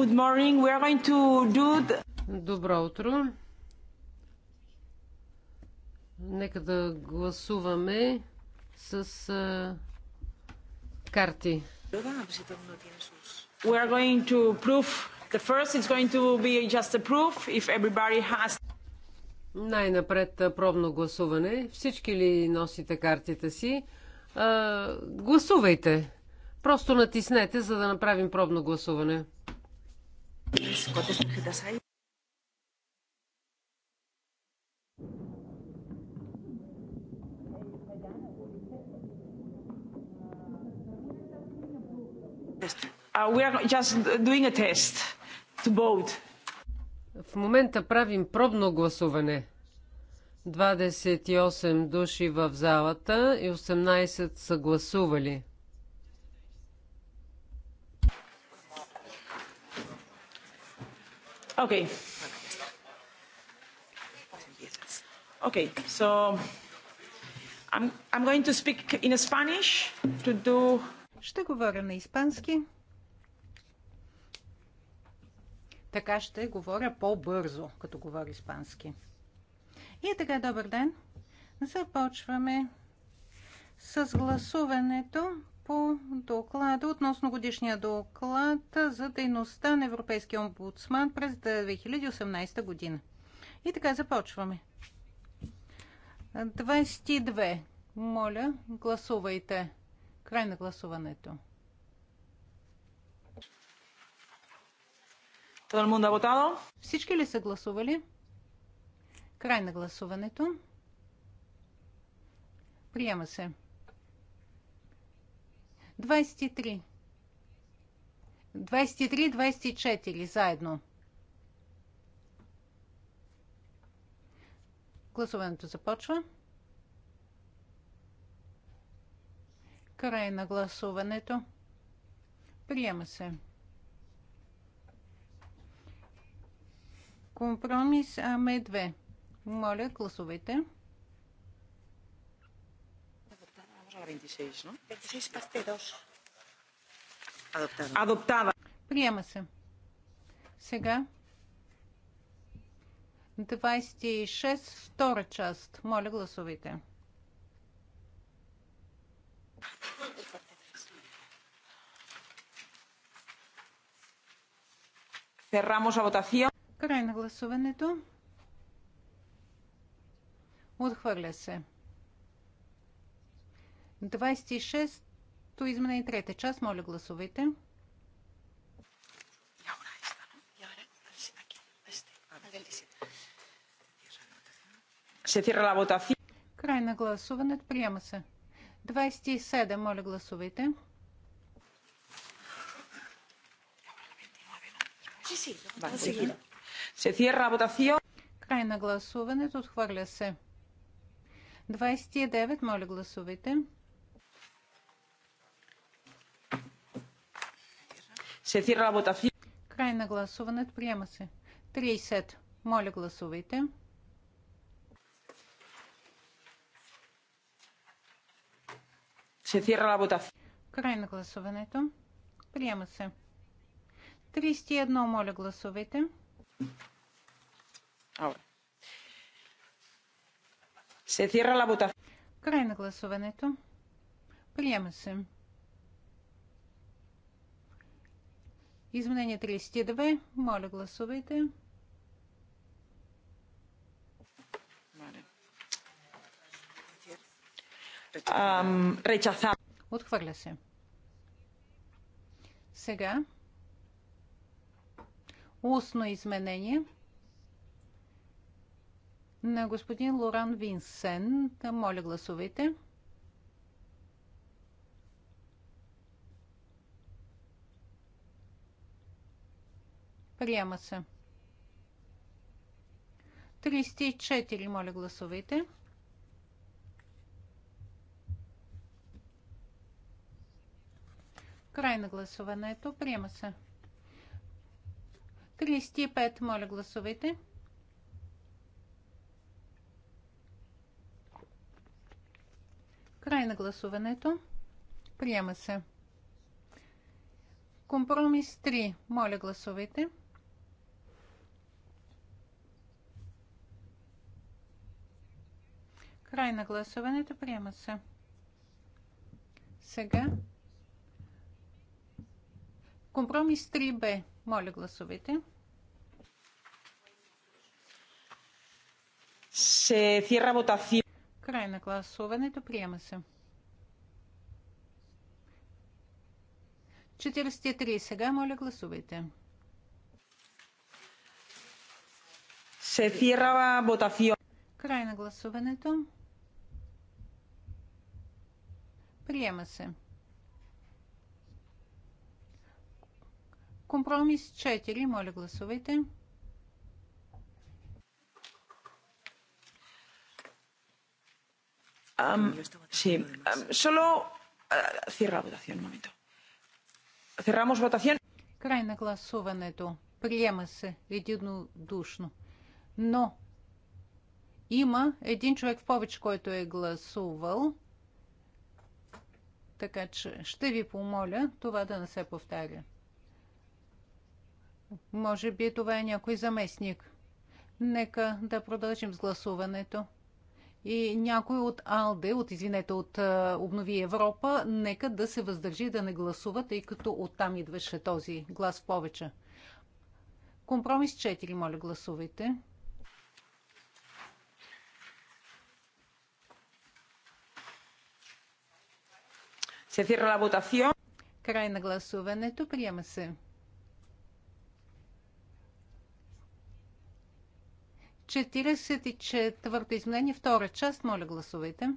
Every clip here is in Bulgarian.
Good morning. We are going to do the... Добро утро. Нека да гласуваме с uh, карти. We are going to prove the first is going to be just a proof if everybody has най-напред пробно гласуване. Всички ли носите картите си? А, гласувайте. Просто натиснете, за да направим пробно гласуване. Uh, we are just doing a test to vote. В момента правим пробно гласуване. 28 души в залата и 18 са гласували. Okay. Okay, so I'm, I'm going to speak in Spanish to do... Ще говоря на испански. Така ще говоря по-бързо, като говоря испански. И така, добър ден. Започваме с гласуването по доклада относно годишния доклад за дейността на Европейския омбудсман през 2018 година. И така започваме. 22. Моля, гласувайте. Край на гласуването. Всички ли са гласували? Край на гласуването. Приема се. 23. 23, 24 заедно. Гласуването започва. Край на гласуването. Приема се. Компромис АМ2. Моля, гласувайте. a la 26, ¿no? 26 parte 2. Adoptada. Adoptada. Приема се. Сега 26, втора част. Моля, гласувайте. Cerramos la votación. Край на гласуването. Отхвърля се. 26-то изменение, трета част. Моля, гласувайте. Край на гласуването. Приема се. 27. Моля, гласувайте. Се cierra Край на гласуването. Отхвърля се. 29. Моля, гласувайте. Се цирра votación. Край на гласуването. Приема се. 30. Моля, гласувайте. Се цирра votación. Край на гласуването. Приема се. 31. Моля, гласувайте. Ahora. Се цирра la votación. Край на гласуването. Приема се. Изменение 32. Моля, гласувайте. Речаса. Отхвърля се. Сега. Устно изменение на господин Лоран Винсен. Моля, гласувайте. Гласувайте. Приема се. 34. Моля, гласувайте. Край на гласуването. Приема се. 35. Моля, гласувайте. Край на гласуването. Приема се. Компромис 3. Моля, гласувайте. Край на гласуването. Приема се. Сега. Компромис 3Б. Моля, гласувайте. Се cierra votación. Край на гласуването. Приема се. 43. Сега, моля, гласувайте. Се cierra votación. Край на гласуването. Приема се. Компромис 4. Моля, гласувайте. Um, sí, um, solo uh, cierra votación un momento. Cerramos votación. Край на гласуването. Приема се единодушно. Но има един човек в повече, който е гласувал. Така че ще ви помоля това да не се повтаря. Може би това е някой заместник. Нека да продължим с гласуването. И някой от АЛДЕ, от, извинете, от Обнови Европа, нека да се въздържи да не гласува, тъй като оттам идваше този глас повече. Компромис 4, моля, гласувайте. Се цирра ла votación. Край на гласуването. Приема се. 44-то изменение, втора част. Моля, гласувайте.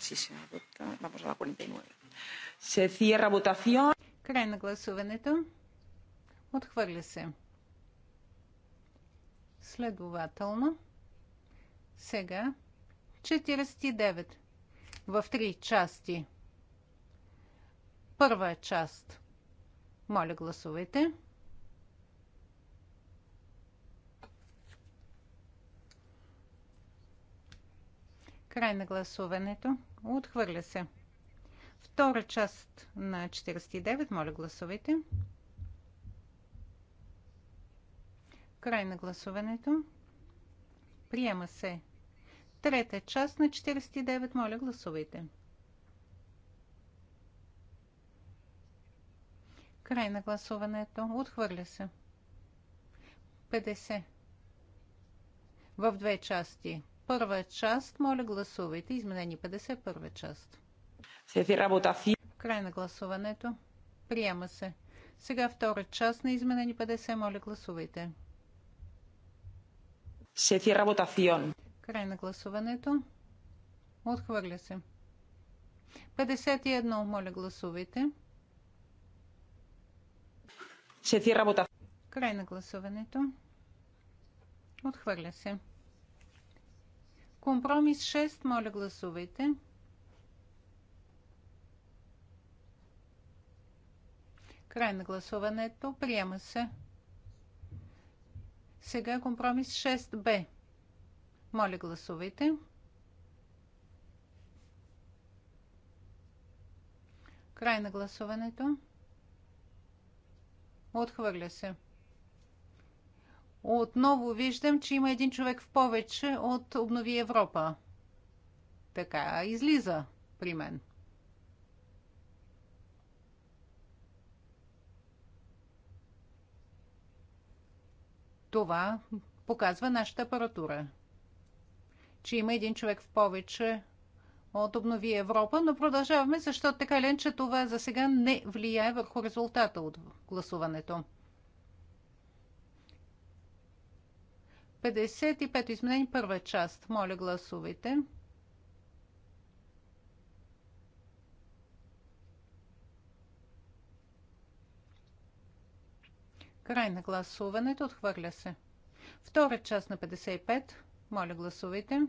Се cierra вотация. Край на гласуването. Отхвърля се. Следователно. Сега 49 в три части. Първа е част. Моля, гласувайте. Край на гласуването. Отхвърля се. Втора част на 49. Моля, гласувайте. Край на гласуването. Приема се. Трета част на 49. Моля, гласувайте. Край на гласуването. Отхвърля се. 50. В две части. Първа част, моля гласувайте. Изменени 50, първа част. Край на гласуването. Приема се. Сега втора част на изменени 50, моля гласувайте. Се Край на гласуването. Отхвърля се. 51. Моля, гласувайте. Сети работа. Край на гласуването. Отхвърля се. Компромис 6. Моля, гласувайте. Край на гласуването. Приема се. Сега компромис 6Б. Моля, гласувайте. Край на гласуването. Отхвърля се. Отново виждам, че има един човек в повече от Обнови Европа. Така излиза при мен. Това показва нашата апаратура че има един човек в повече от Обнови Европа, но продължаваме, защото така лен, че това за сега не влияе върху резултата от гласуването. 55 изменени първа част. Моля, гласувайте. Край на гласуването. Отхвърля се. Втора част на 55. Моля, гласувайте.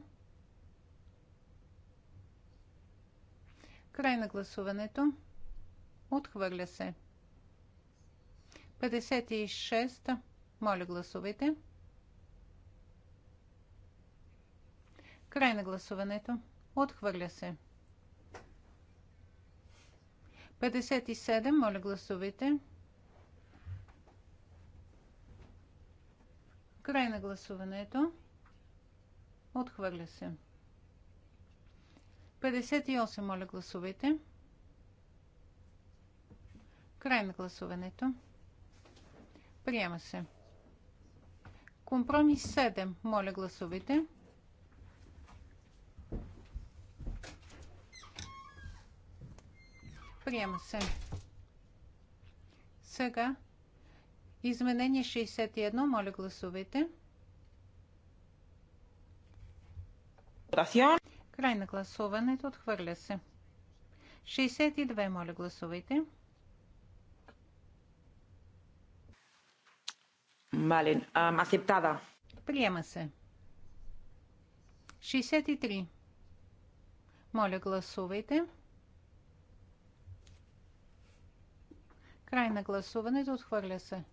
Край на гласуването. Отхвърля се. 56. Моля, гласувайте. Край на гласуването. Отхвърля се. 57. Моля, гласувайте. Край на гласуването. Отхвърля се. 58, моля гласувайте. Край на гласуването. Приема се. Компромис 7. Моля гласувайте. Приема се. Сега изменение 61. Моля гласувайте. Край на гласуването. Отхвърля се. 62. Моля, гласувайте. Малин. Асептада. Um, Приема се. 63. Моля, гласувайте. Край на гласуването. Отхвърля се.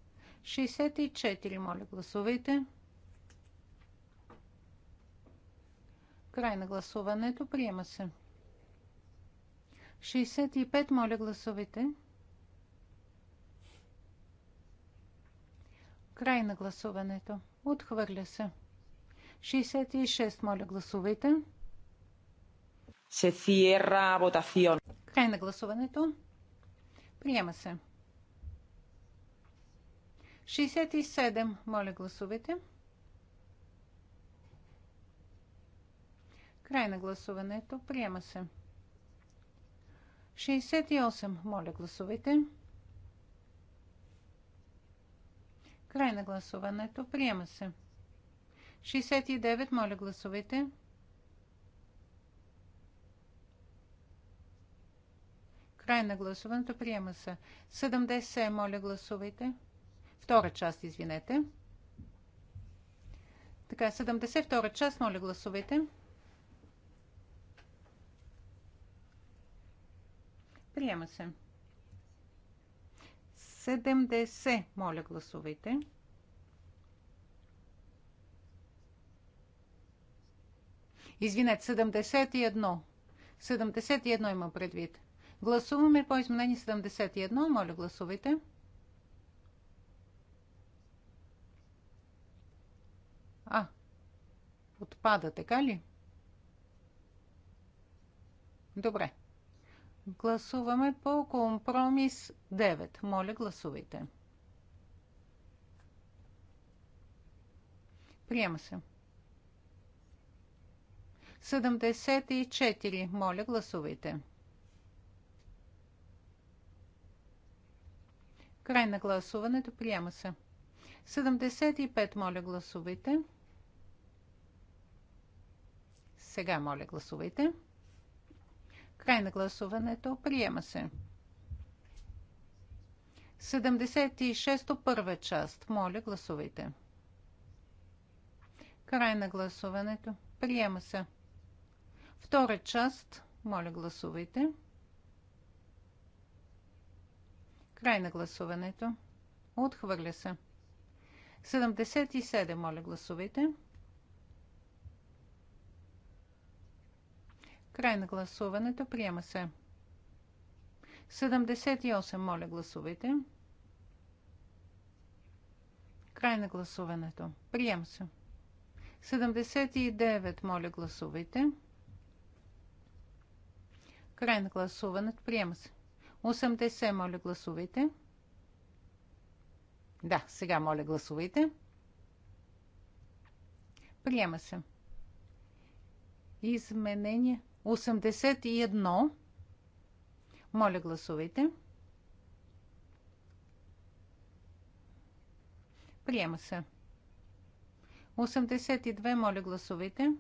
64. Моля, гласувайте. Край на гласуването. Приема се. 65. Моля гласовете. Край на гласуването. Отхвърля се. 66. Моля гласовете. Се cierra votación. Край на гласуването. Приема се. 67. Моля гласовете. Край на гласуването. Приема се. 68. Моля, гласувайте. Край на гласуването. Приема се. 69. Моля, гласувайте. Край на гласуването. Приема се. 70. Моля, гласувайте. Втора част, извинете. Така, 72 част. Моля, гласувайте. Приема се. 70. Моля, гласувайте. 71. 71 има предвид. Гласуваме по изменение 71. Моля, гласувайте. А, отпада, така ли? Добре. Гласуваме по компромис 9. Моля, гласувайте. Приема се. 74. Моля, гласувайте. Край на гласуването. Приема се. 75. Моля, гласувайте. Сега, моля, гласувайте. 76. Край на гласуването. Приема се. 76-то първа част. Моля, гласувайте. Край на гласуването. Приема се. Втора част. Моля, гласувайте. Край на гласуването. Отхвърля се. 77. Моля, гласувайте. Край на гласуването. Приема се. 78. Моля, гласувайте. Край на гласуването. Приема се. 79. Моля, гласувайте. Край на гласуването. Приема се. 80. Моля, гласувайте. Да, сега моля, гласувайте. Приема се. Изменение 81. Моля, гласувайте. Приема се. 82. Моля, гласувайте.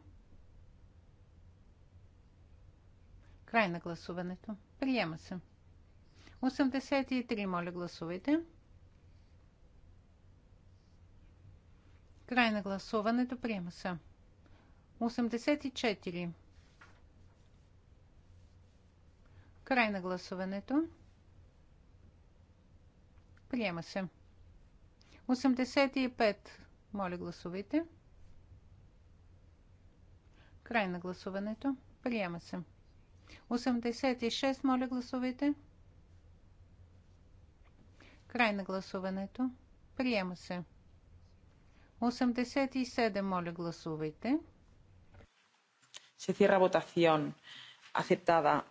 Край на гласуването. Приема се. 83. Моля, гласувайте. Край на гласуването. Приема се. 84. Край на гласуването. Приема се. 85. Моля, гласувайте. Край на гласуването. Приема се. 86. Моля, гласувайте. Край на гласуването. Приема се. 87. Моля, гласувайте. Се cierra votación. Aceptada.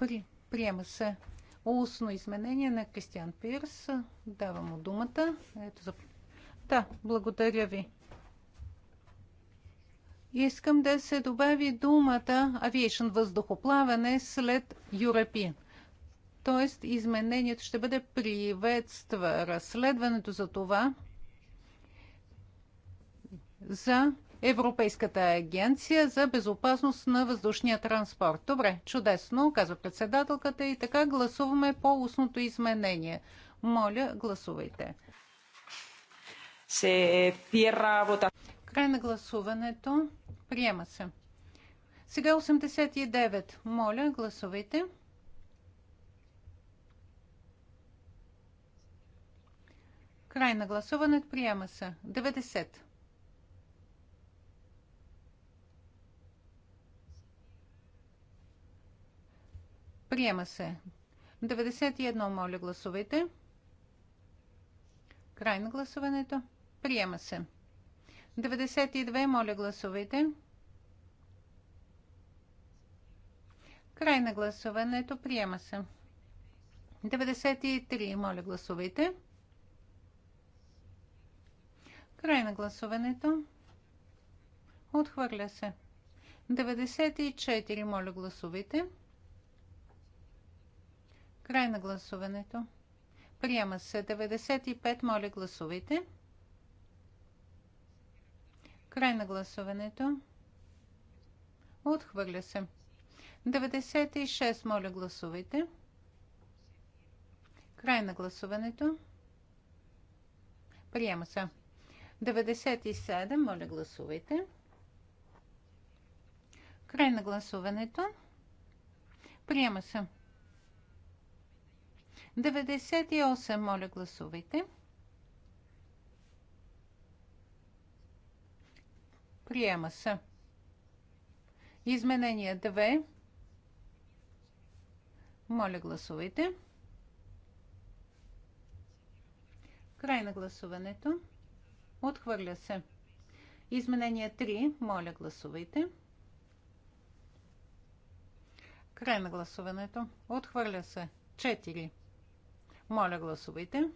При... Приема се устно изменение на Кристиан Пирс. Давам му думата. Ето за... Да, благодаря ви. Искам да се добави думата авиейшн въздухоплаване след European. Тоест, изменението ще бъде приветства разследването за това, за Европейската агенция за безопасност на въздушния транспорт. Добре, чудесно, казва председателката и така гласуваме по устното изменение. Моля, гласувайте. Се Край на гласуването. Приема се. Сега 89. Моля, гласувайте. Край на гласуването. Приема се. 90. Приема се. 91, моля гласувайте. Край на гласуването. Приема се. 92, моля гласувайте. Край на гласуването. Приема се. 93, моля гласувайте. Край на гласуването. Отхвърля се. 94, моля гласувайте. Край на гласуването. Приема се 95. Моля, гласувайте. Край на гласуването. Отхвърля се. 96. Моля, гласувайте. Край на гласуването. Приема се. 97. Моля, гласувайте. Край на гласуването. Приема се. 98. Моля, гласувайте. Приема се. Изменение 2. Моля, гласувайте. Край на гласуването. Отхвърля се. Изменение 3. Моля, гласувайте. Край на гласуването. Отхвърля се. 4. Моля, гласувайте.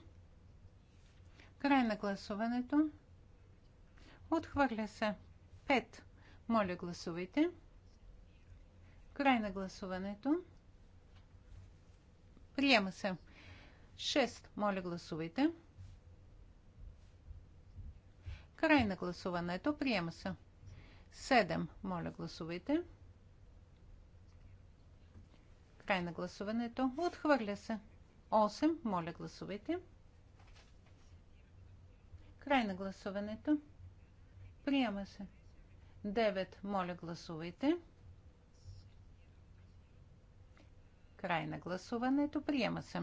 Край на гласуването. Отхвърля се. 5. Моля, гласувайте. Край на гласуването. Приема се. 6. Моля, гласувайте. Край на гласуването. Приема се. 7. Моля, гласувайте. Край на гласуването. Отхвърля се. 8. Моля, гласувайте. Край на гласуването. Приема се. 9. Моля, гласувайте. Край на гласуването. Приема се.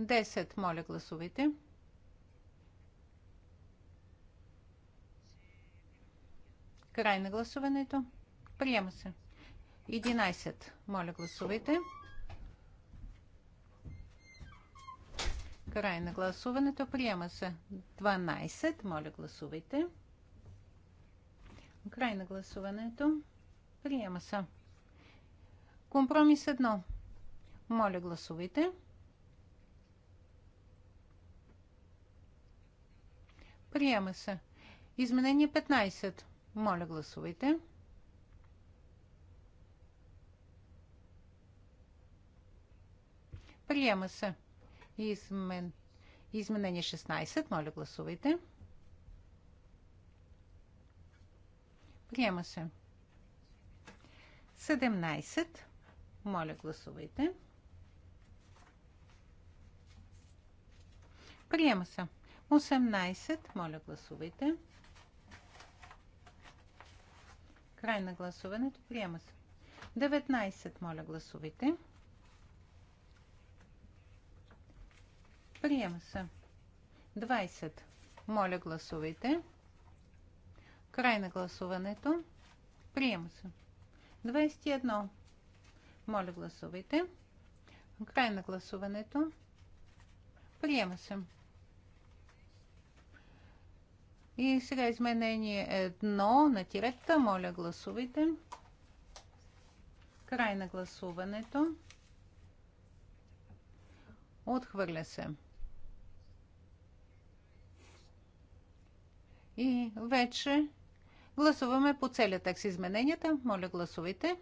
10. Моля, гласувайте. Край на гласуването. Приема се. 11. Моля, гласувайте. Край на гласуването. Приема се 12. Моля, гласувайте. Край на гласуването. Приема се. Компромис 1. Моля, гласувайте. Приема се. Изменение 15. Моля, гласувайте. Приема се. Измен... Изменение 16. Моля, гласувайте. Приема се. 17. Моля, гласувайте. Приема се. 18. Моля, гласувайте. Край на гласуването. Приема се. 19. Моля, гласувайте. Приема се. 20. Моля, гласувайте. Край на гласуването. Приема се. 21. Моля, гласувайте. Край на гласуването. Приема се. И сега изменение едно на тиретата. Моля, гласувайте. Край на гласуването. Отхвърля се. И вече гласуваме по целия текст измененията. Моля, гласувайте.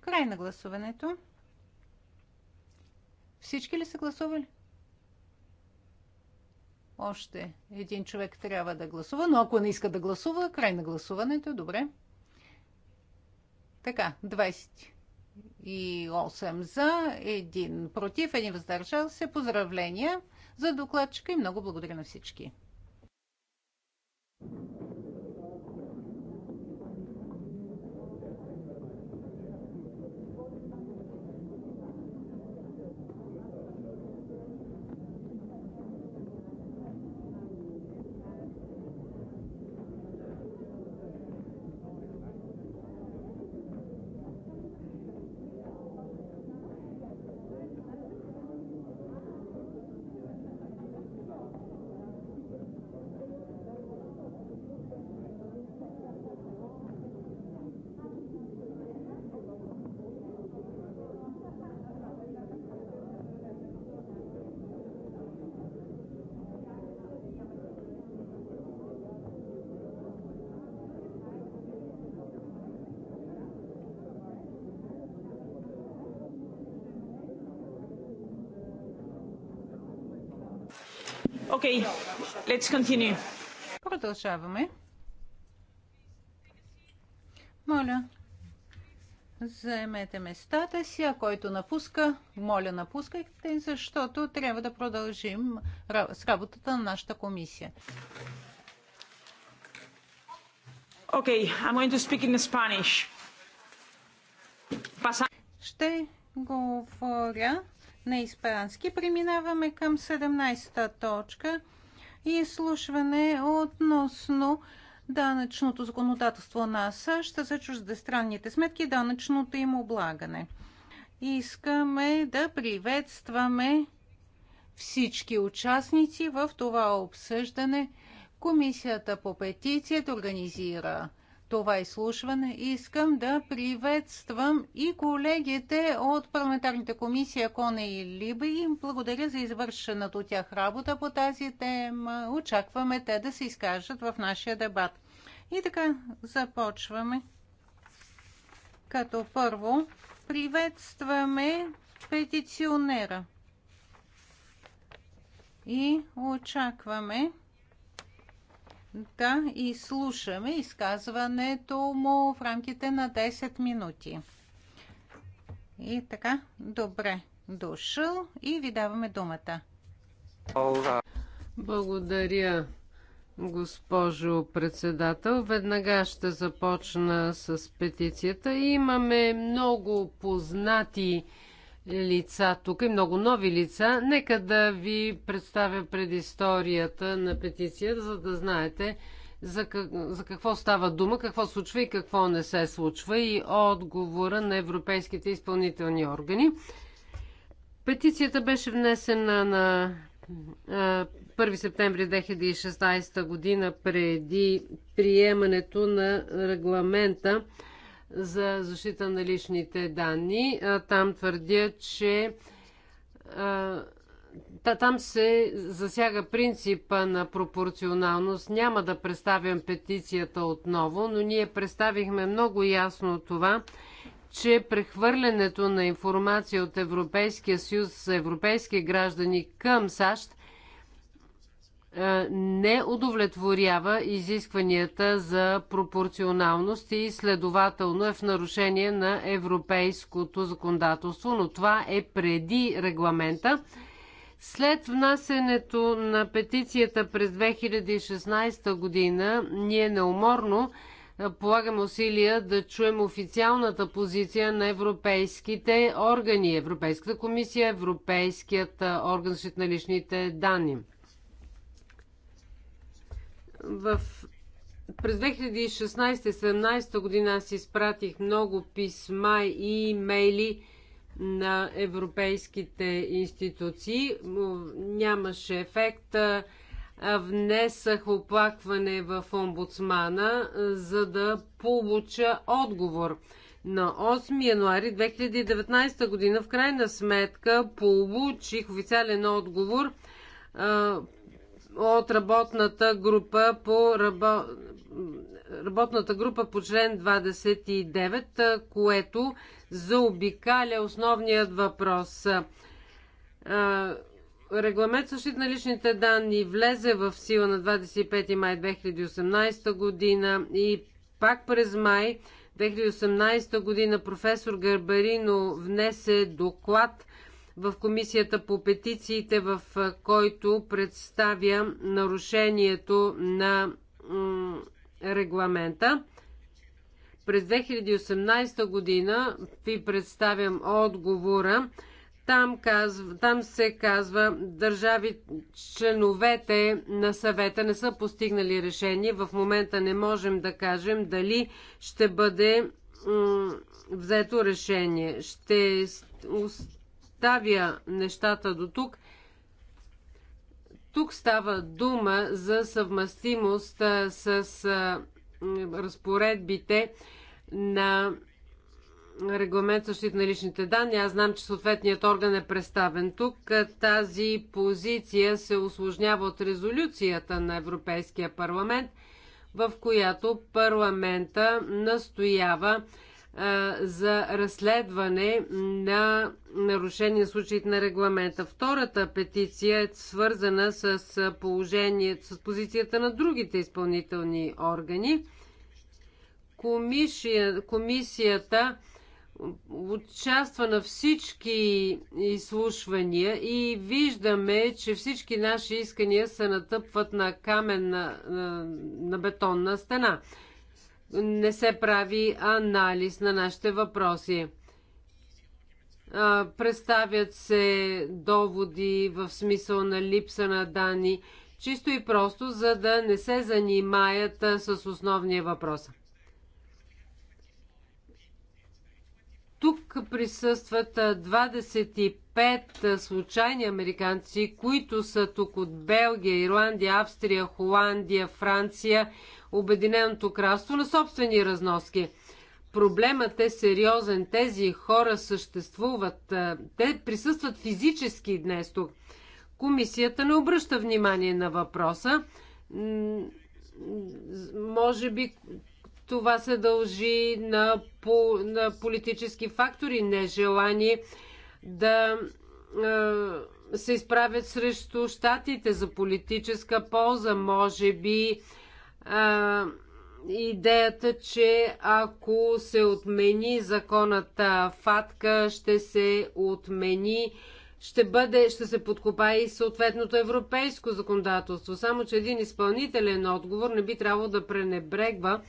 Край на гласуването. Всички ли са гласували? Още един човек трябва да гласува, но ако не иска да гласува, край на гласуването, добре. Така, 28 за, 1 против, 1 въздържал се. Поздравления! за докладчика и много благодаря на всички. Okay, let's continue. Продължаваме. Моля, заемете местата си, а който напуска, моля напускайте, защото трябва да продължим с работата на нашата комисия. Okay, I'm going to speak in Spanish. Ще говоря на испански. Преминаваме към 17-та точка и изслушване относно данъчното законодателство на САЩ за чуждестранните сметки и данъчното им облагане. Искаме да приветстваме всички участници в това обсъждане. Комисията по петицията организира това изслушване. Искам да приветствам и колегите от парламентарните комисии Коне и Либе и им благодаря за извършената от тях работа по тази тема. Очакваме те да се изкажат в нашия дебат. И така започваме. Като първо приветстваме петиционера и очакваме да и слушаме изказването му в рамките на 10 минути. И така, добре дошъл и ви даваме думата. Благодаря, госпожо председател. Веднага ще започна с петицията. Имаме много познати лица тук и много нови лица. Нека да ви представя предисторията на петицията, за да знаете за, как, за какво става дума, какво случва и какво не се случва и отговора на европейските изпълнителни органи. Петицията беше внесена на 1 септември 2016 година преди приемането на регламента за защита на личните данни. Там твърдят, че там се засяга принципа на пропорционалност. Няма да представям петицията отново, но ние представихме много ясно това, че прехвърлянето на информация от Европейския съюз за европейски граждани към САЩ е, не удовлетворява изискванията за пропорционалност и следователно е в нарушение на европейското законодателство, но това е преди регламента. След внасенето на петицията през 2016 година, ние неуморно е, полагаме усилия да чуем официалната позиция на европейските органи, Европейската комисия, Европейският е, орган на личните данни. В... През 2016-17 година аз изпратих много писма и имейли на европейските институции. Нямаше ефект. Внесах оплакване в омбудсмана, за да получа отговор. На 8 януари 2019 година в крайна сметка получих официален отговор от работната група по рабо... работната група по член 29, което заобикаля основният въпрос. Регламент защита на личните данни влезе в сила на 25 май 2018 година и пак през май 2018 година професор Гарбарино внесе доклад – в Комисията по петициите, в който представя нарушението на регламента. През 2018 година ви представям отговора. Там, казва, там се казва, държави членовете на съвета не са постигнали решение. В момента не можем да кажем дали ще бъде взето решение. Ще оставя нещата до тук. Тук става дума за съвместимост с разпоредбите на регламент защита на личните данни. Аз знам, че съответният орган е представен тук. Тази позиция се осложнява от резолюцията на Европейския парламент, в която парламента настоява за разследване на нарушения в случаите на регламента. Втората петиция е свързана с, положение, с позицията на другите изпълнителни органи. Комисия, комисията участва на всички изслушвания и виждаме, че всички наши искания се натъпват на на, на, на бетонна стена не се прави анализ на нашите въпроси. Представят се доводи в смисъл на липса на данни, чисто и просто, за да не се занимаят с основния въпрос. Тук присъстват 25 случайни американци, които са тук от Белгия, Ирландия, Австрия, Холандия, Франция, Обединеното кралство на собствени разноски. Проблемът е сериозен. Тези хора съществуват. Е, те присъстват физически днес тук. Комисията не обръща внимание на въпроса. Може би това се дължи на, по, на политически фактори, нежелание да е, се изправят срещу щатите за политическа полза, може би а, идеята, че ако се отмени законата ФАТКА, ще се отмени ще, бъде, ще се подкопа и съответното европейско законодателство. Само, че един изпълнителен отговор не би трябвало да пренебрегва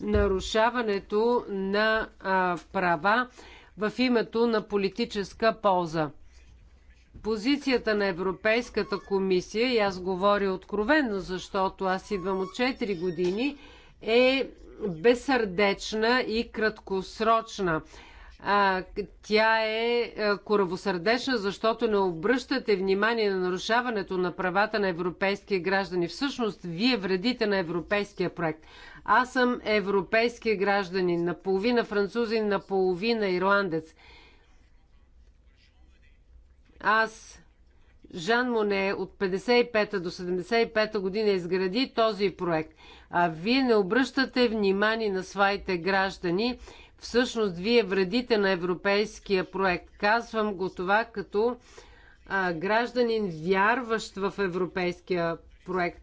нарушаването на а, права в името на политическа полза позицията на Европейската комисия, и аз говоря откровенно, защото аз идвам от 4 години, е безсърдечна и краткосрочна. А, тя е коравосърдечна, защото не обръщате внимание на нарушаването на правата на европейския граждани. Всъщност, вие вредите на европейския проект. Аз съм европейски гражданин, наполовина французин, наполовина ирландец. Аз, Жан Моне, от 55-та до 75-та година изгради този проект. А вие не обръщате внимание на своите граждани. Всъщност, вие вредите на европейския проект. Казвам го това като а, гражданин, вярващ в европейския проект.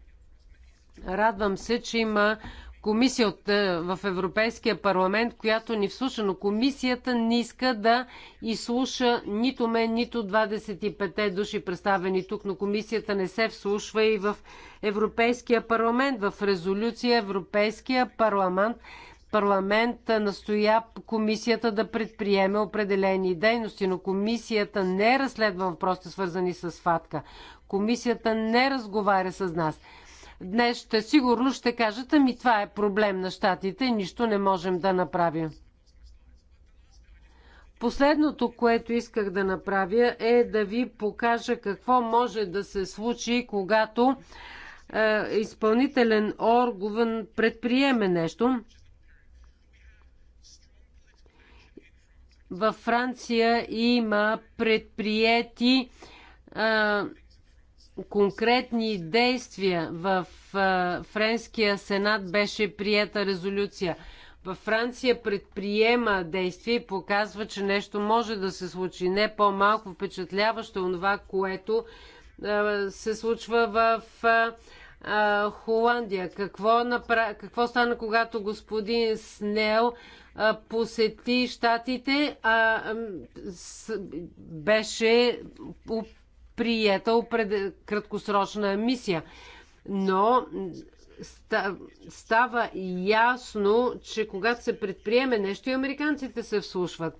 Радвам се, че има комисия от, е, в Европейския парламент, която ни вслуша, но комисията не иска да изслуша нито мен, нито 25-те души представени тук, но комисията не се вслушва и в Европейския парламент. В резолюция Европейския парламент парламент настоя комисията да предприеме определени дейности, но комисията не разследва въпросите свързани с ФАТКА. Комисията не разговаря с нас. Днес ще сигурно ще кажат, ами това е проблем на щатите и нищо не можем да направим. Последното, което исках да направя е да ви покажа какво може да се случи, когато е, изпълнителен орган предприеме нещо. Във Франция има предприяти е, конкретни действия. В Френския сенат беше приета резолюция. Във Франция предприема действия и показва, че нещо може да се случи. Не по-малко впечатляващо е това, което се случва в Холандия. Какво, напра... Какво стана, когато господин Снел посети щатите, а, с... беше приета пред краткосрочна мисия. Но става ясно, че когато се предприеме нещо и американците се вслушват.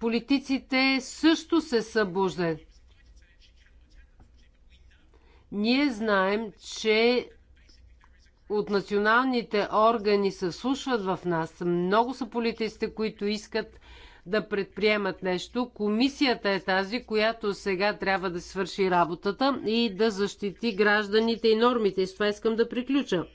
Политиците също се събуждат. Ние знаем, че от националните органи се вслушват в нас. Много са политиците, които искат да предприемат нещо. Комисията е тази, която сега трябва да свърши работата и да защити гражданите и нормите. И с това искам да приключа.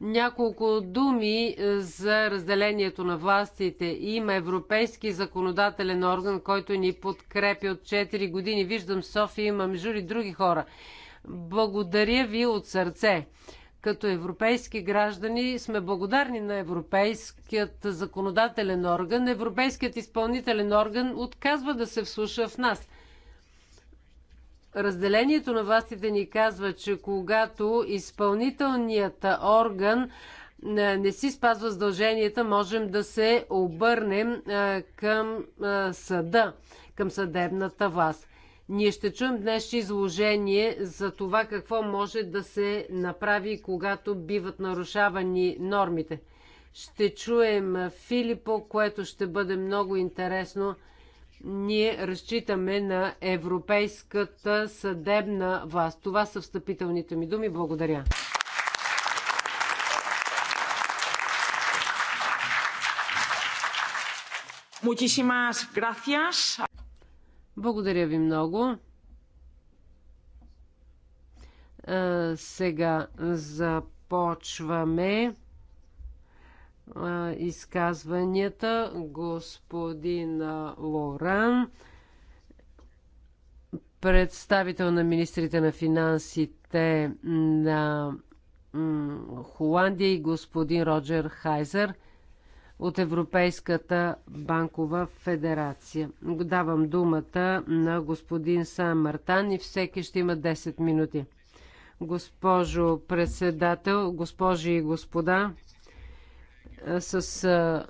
Няколко думи е, за разделението на властите. Има европейски законодателен орган, който ни подкрепи от 4 години. Виждам София, имам жури други хора. Благодаря ви от сърце. Като европейски граждани сме благодарни на Европейският законодателен орган. Европейският изпълнителен орган отказва да се вслуша в нас. Разделението на властите ни казва, че когато изпълнителният орган не си спазва задълженията, можем да се обърнем към съда, към съдебната власт. Ние ще чуем днес изложение за това какво може да се направи, когато биват нарушавани нормите. Ще чуем Филипо, което ще бъде много интересно. Ние разчитаме на Европейската съдебна власт. Това са встъпителните ми думи. Благодаря. Muchísimas gracias. Благодаря ви много. сега започваме изказванията. Господин Лоран, представител на министрите на финансите на Холандия и господин Роджер Хайзер – от Европейската банкова федерация. Давам думата на господин Сан Мартан и всеки ще има 10 минути. Госпожо председател, госпожи и господа, с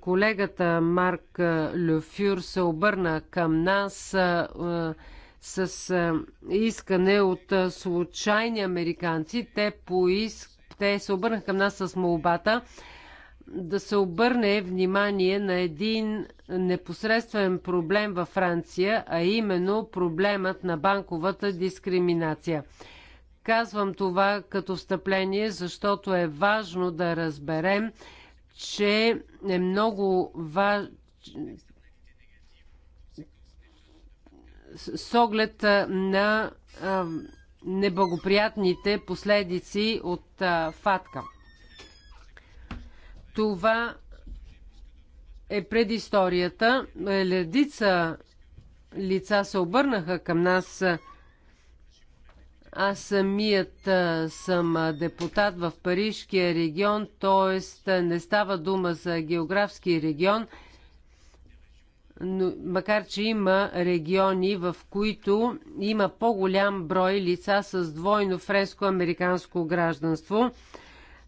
колегата Марк Люфюр се обърна към нас с искане от случайни американци. Те, поиск... Те се обърнаха към нас с молбата да се обърне внимание на един непосредствен проблем във Франция, а именно проблемът на банковата дискриминация. Казвам това като встъпление, защото е важно да разберем, че е много важно с оглед на неблагоприятните последици от фатка. Това е предисторията. Ледица лица се обърнаха към нас. Аз самият съм депутат в Парижкия регион, т.е. не става дума за географски регион, но, макар че има региони, в които има по-голям брой лица с двойно френско-американско гражданство.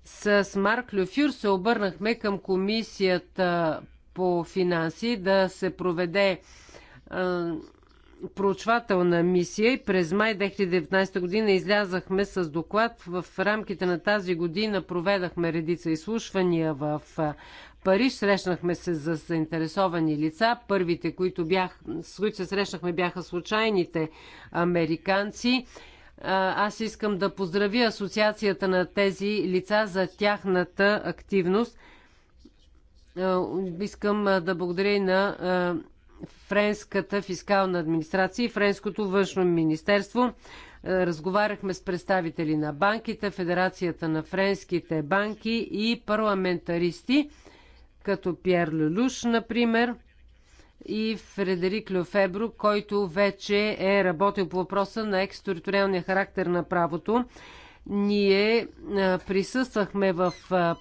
С Марк Люфюр се обърнахме към комисията по финанси да се проведе а, проучвателна мисия и през май 2019 година излязахме с доклад. В рамките на тази година проведахме редица изслушвания в Париж. Срещнахме се за заинтересовани лица. Първите, които бях, с които се срещнахме, бяха случайните американци. Аз искам да поздравя асоциацията на тези лица за тяхната активност. Искам да благодаря и на Френската фискална администрация и Френското външно министерство. Разговаряхме с представители на банките, Федерацията на френските банки и парламентаристи, като Пьер Люлюш, например – и Фредерик Лефебро, който вече е работил по въпроса на екстериториалния характер на правото. Ние присъствахме в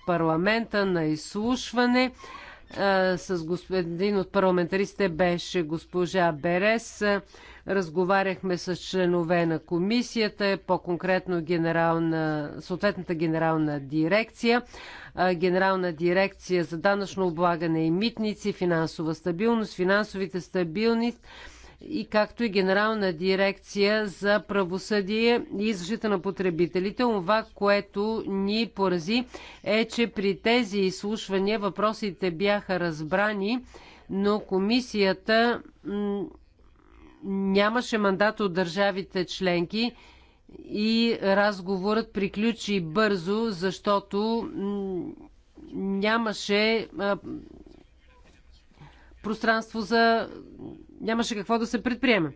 парламента на изслушване. С господин от парламентаристите беше госпожа Берес. Разговаряхме с членове на комисията, по-конкретно генерална, съответната генерална дирекция, генерална дирекция за данъчно облагане и митници, финансова стабилност, финансовите стабилност и както и Генерална дирекция за правосъдие и защита на потребителите. Това, което ни порази е, че при тези изслушвания въпросите бяха разбрани, но комисията нямаше мандат от държавите членки и разговорът приключи бързо, защото нямаше пространство за... нямаше какво да се предприеме.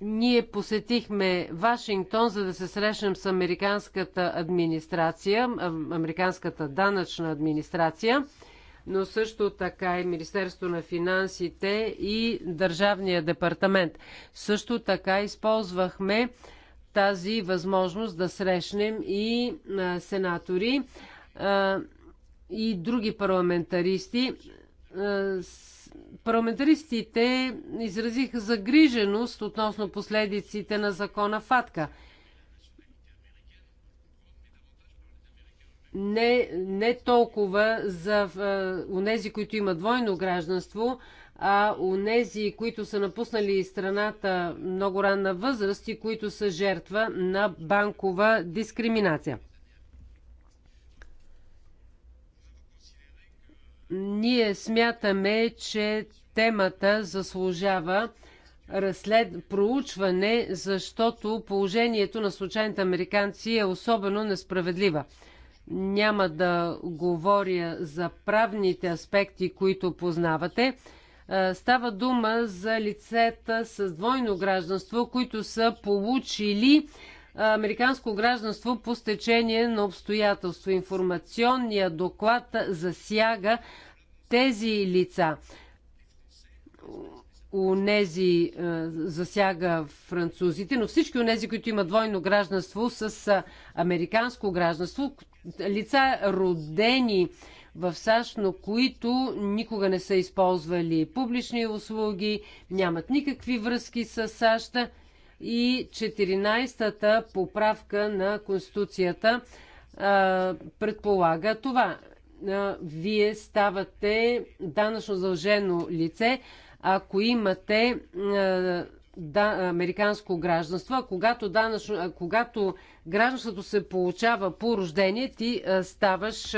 Ние посетихме Вашингтон, за да се срещнем с американската администрация, американската данъчна администрация – но също така и Министерство на финансите и Държавния департамент. Също така използвахме тази възможност да срещнем и сенатори и други парламентаристи. Парламентаристите изразиха загриженост относно последиците на закона ФАТКА – не, не толкова за онези, които имат двойно гражданство, а онези, които са напуснали страната много ранна възраст и които са жертва на банкова дискриминация. Ние смятаме, че темата заслужава разслед... проучване, защото положението на случайните американци е особено несправедлива. Няма да говоря за правните аспекти, които познавате. Е, става дума за лицета с двойно гражданство, които са получили е, американско гражданство по стечение на обстоятелство. Информационният доклад засяга тези лица. Унези е, засяга французите, но всички унези, които имат двойно гражданство с американско гражданство, лица родени в САЩ, но които никога не са използвали публични услуги, нямат никакви връзки с САЩ и 14-та поправка на Конституцията а, предполага това. А, вие ставате данъчно задължено лице, ако имате а, да, американско гражданство, а когато, данъчно, а когато гражданството се получава по рождение, ти а, ставаш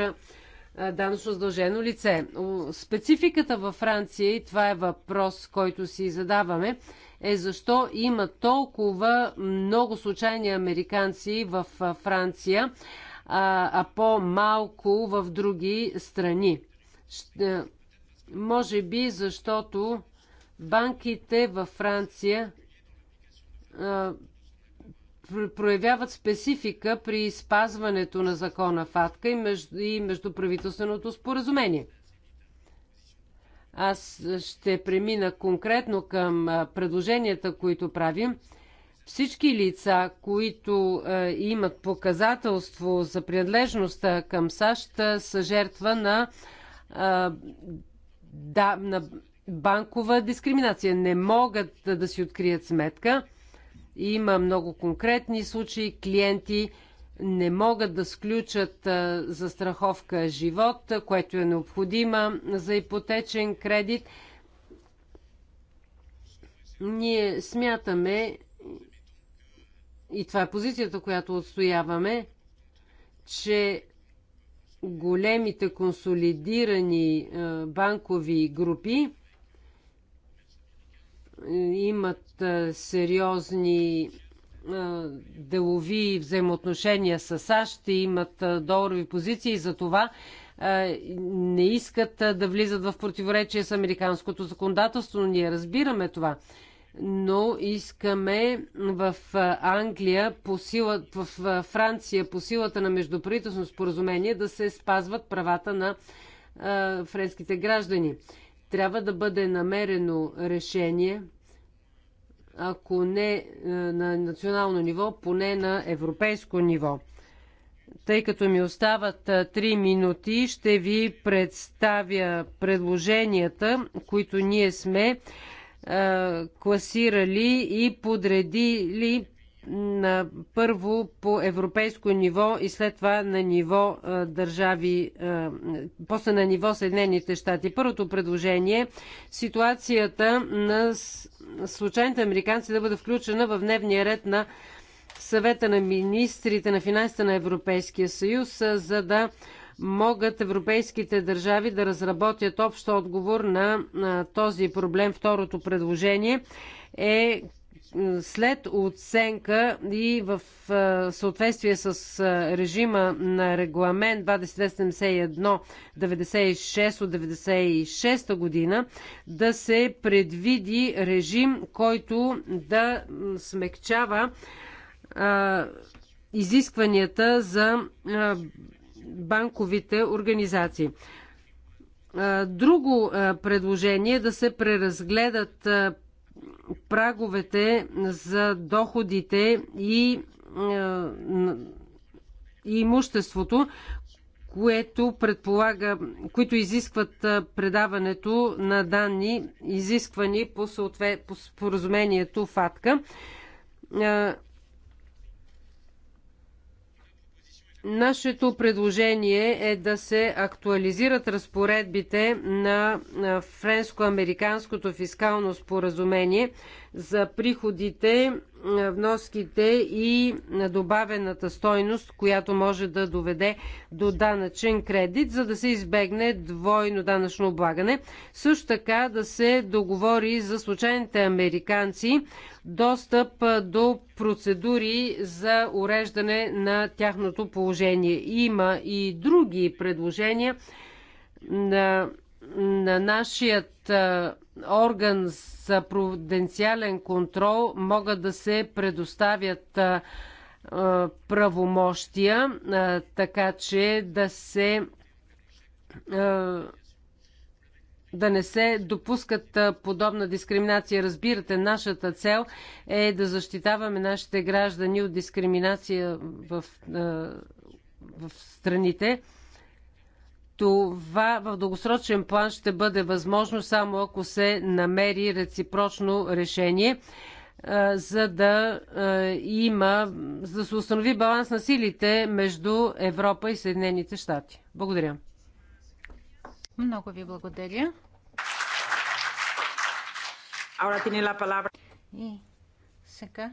данъчно задължено лице. Спецификата във Франция, и това е въпрос, който си задаваме, е защо има толкова много случайни американци в Франция, а, а по-малко в други страни. Ще, може би защото Банките във Франция проявяват специфика при спазването на закона ФАТКА и, междуправителственото споразумение. Аз ще премина конкретно към предложенията, които правим. Всички лица, които имат показателство за принадлежността към САЩ, са жертва на, да, на банкова дискриминация. Не могат да си открият сметка. Има много конкретни случаи. Клиенти не могат да сключат застраховка живот, което е необходима за ипотечен кредит. Ние смятаме, и това е позицията, която отстояваме, че големите консолидирани банкови групи имат сериозни делови взаимоотношения с САЩ, и имат доларови позиции и за това не искат да влизат в противоречие с американското законодателство, но ние разбираме това. Но искаме в Англия, по сила, в Франция, по силата на междуправителствено споразумение да се спазват правата на френските граждани. Трябва да бъде намерено решение, ако не е, на национално ниво, поне на европейско ниво. Тъй като ми остават 3 е, минути, ще ви представя предложенията, които ние сме е, класирали и подредили на първо по европейско ниво и след това на ниво а, държави, а, после на ниво Съединените щати. Първото предложение ситуацията на случайните американци да бъде включена в дневния ред на съвета на министрите на финансите на Европейския съюз, за да могат европейските държави да разработят общ отговор на, на този проблем. Второто предложение е след оценка и в съответствие с режима на регламент 2271-96 от 96 година да се предвиди режим, който да смекчава изискванията за банковите организации. Друго предложение е да се преразгледат праговете за доходите и, е, и имуществото, което предполага, които изискват е, предаването на данни, изисквани по, съответ, по споразумението ФАТКА. Е, Нашето предложение е да се актуализират разпоредбите на френско-американското фискално споразумение, за приходите, е, вноските и добавената стойност, която може да доведе до данъчен кредит, за да се избегне двойно данъчно облагане. Също така да се договори за случайните американци достъп е, до процедури за уреждане на тяхното положение. Има и други предложения на, на нашият е, орган за провиденциален контрол могат да се предоставят правомощия, така че да се да не се допускат подобна дискриминация. Разбирате, нашата цел е да защитаваме нашите граждани от дискриминация в, в страните. Това в дългосрочен план ще бъде възможно само ако се намери реципрочно решение, за да има, за да се установи баланс на силите между Европа и Съединените щати. Благодаря. Много ви благодаря. И сега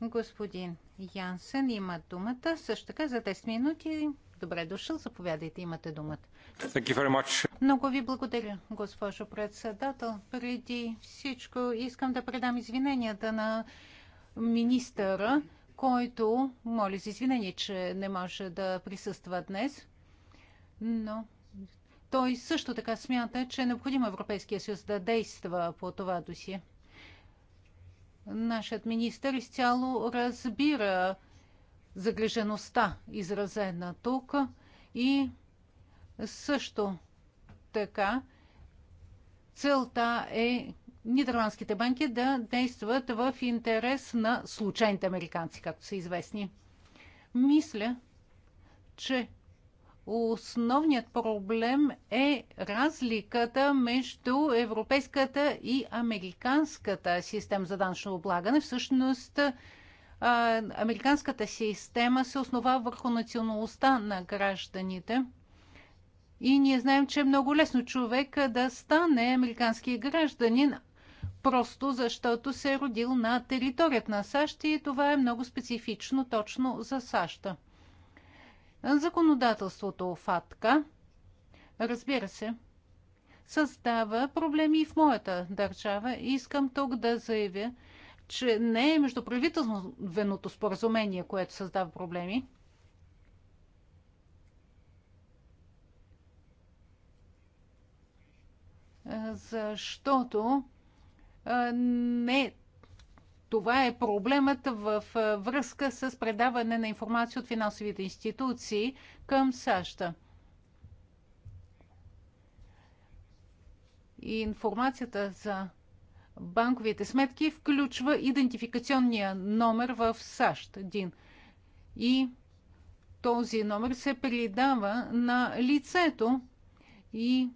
господин Янсен има думата също така за 10 минути Добре дошъл, заповядайте, имате думата. Много ви благодаря, госпожо председател. Преди всичко искам да предам извиненията на министъра, който моли за извинение, че не може да присъства днес, но той също така смята, че е необходимо Европейския съюз да действа по това досие. Нашият министр изцяло разбира загрижеността, изразена тук и също така целта е нидерландските банки да действат в интерес на случайните американци, както са известни. Мисля, че основният проблем е разликата между европейската и американската система за данъчно облагане. Всъщност, американската система се основа върху националността на гражданите. И ние знаем, че е много лесно човек да стане американски гражданин, просто защото се е родил на територията на САЩ и това е много специфично точно за САЩ. Законодателството ФАТКА, разбира се, създава проблеми и в моята държава. Искам тук да заявя, че не е междуправителственото споразумение, което създава проблеми. Защото не това е проблемът в връзка с предаване на информация от финансовите институции към САЩ. И информацията за банковите сметки включва идентификационния номер в САЩ един. И този номер се придава на лицето и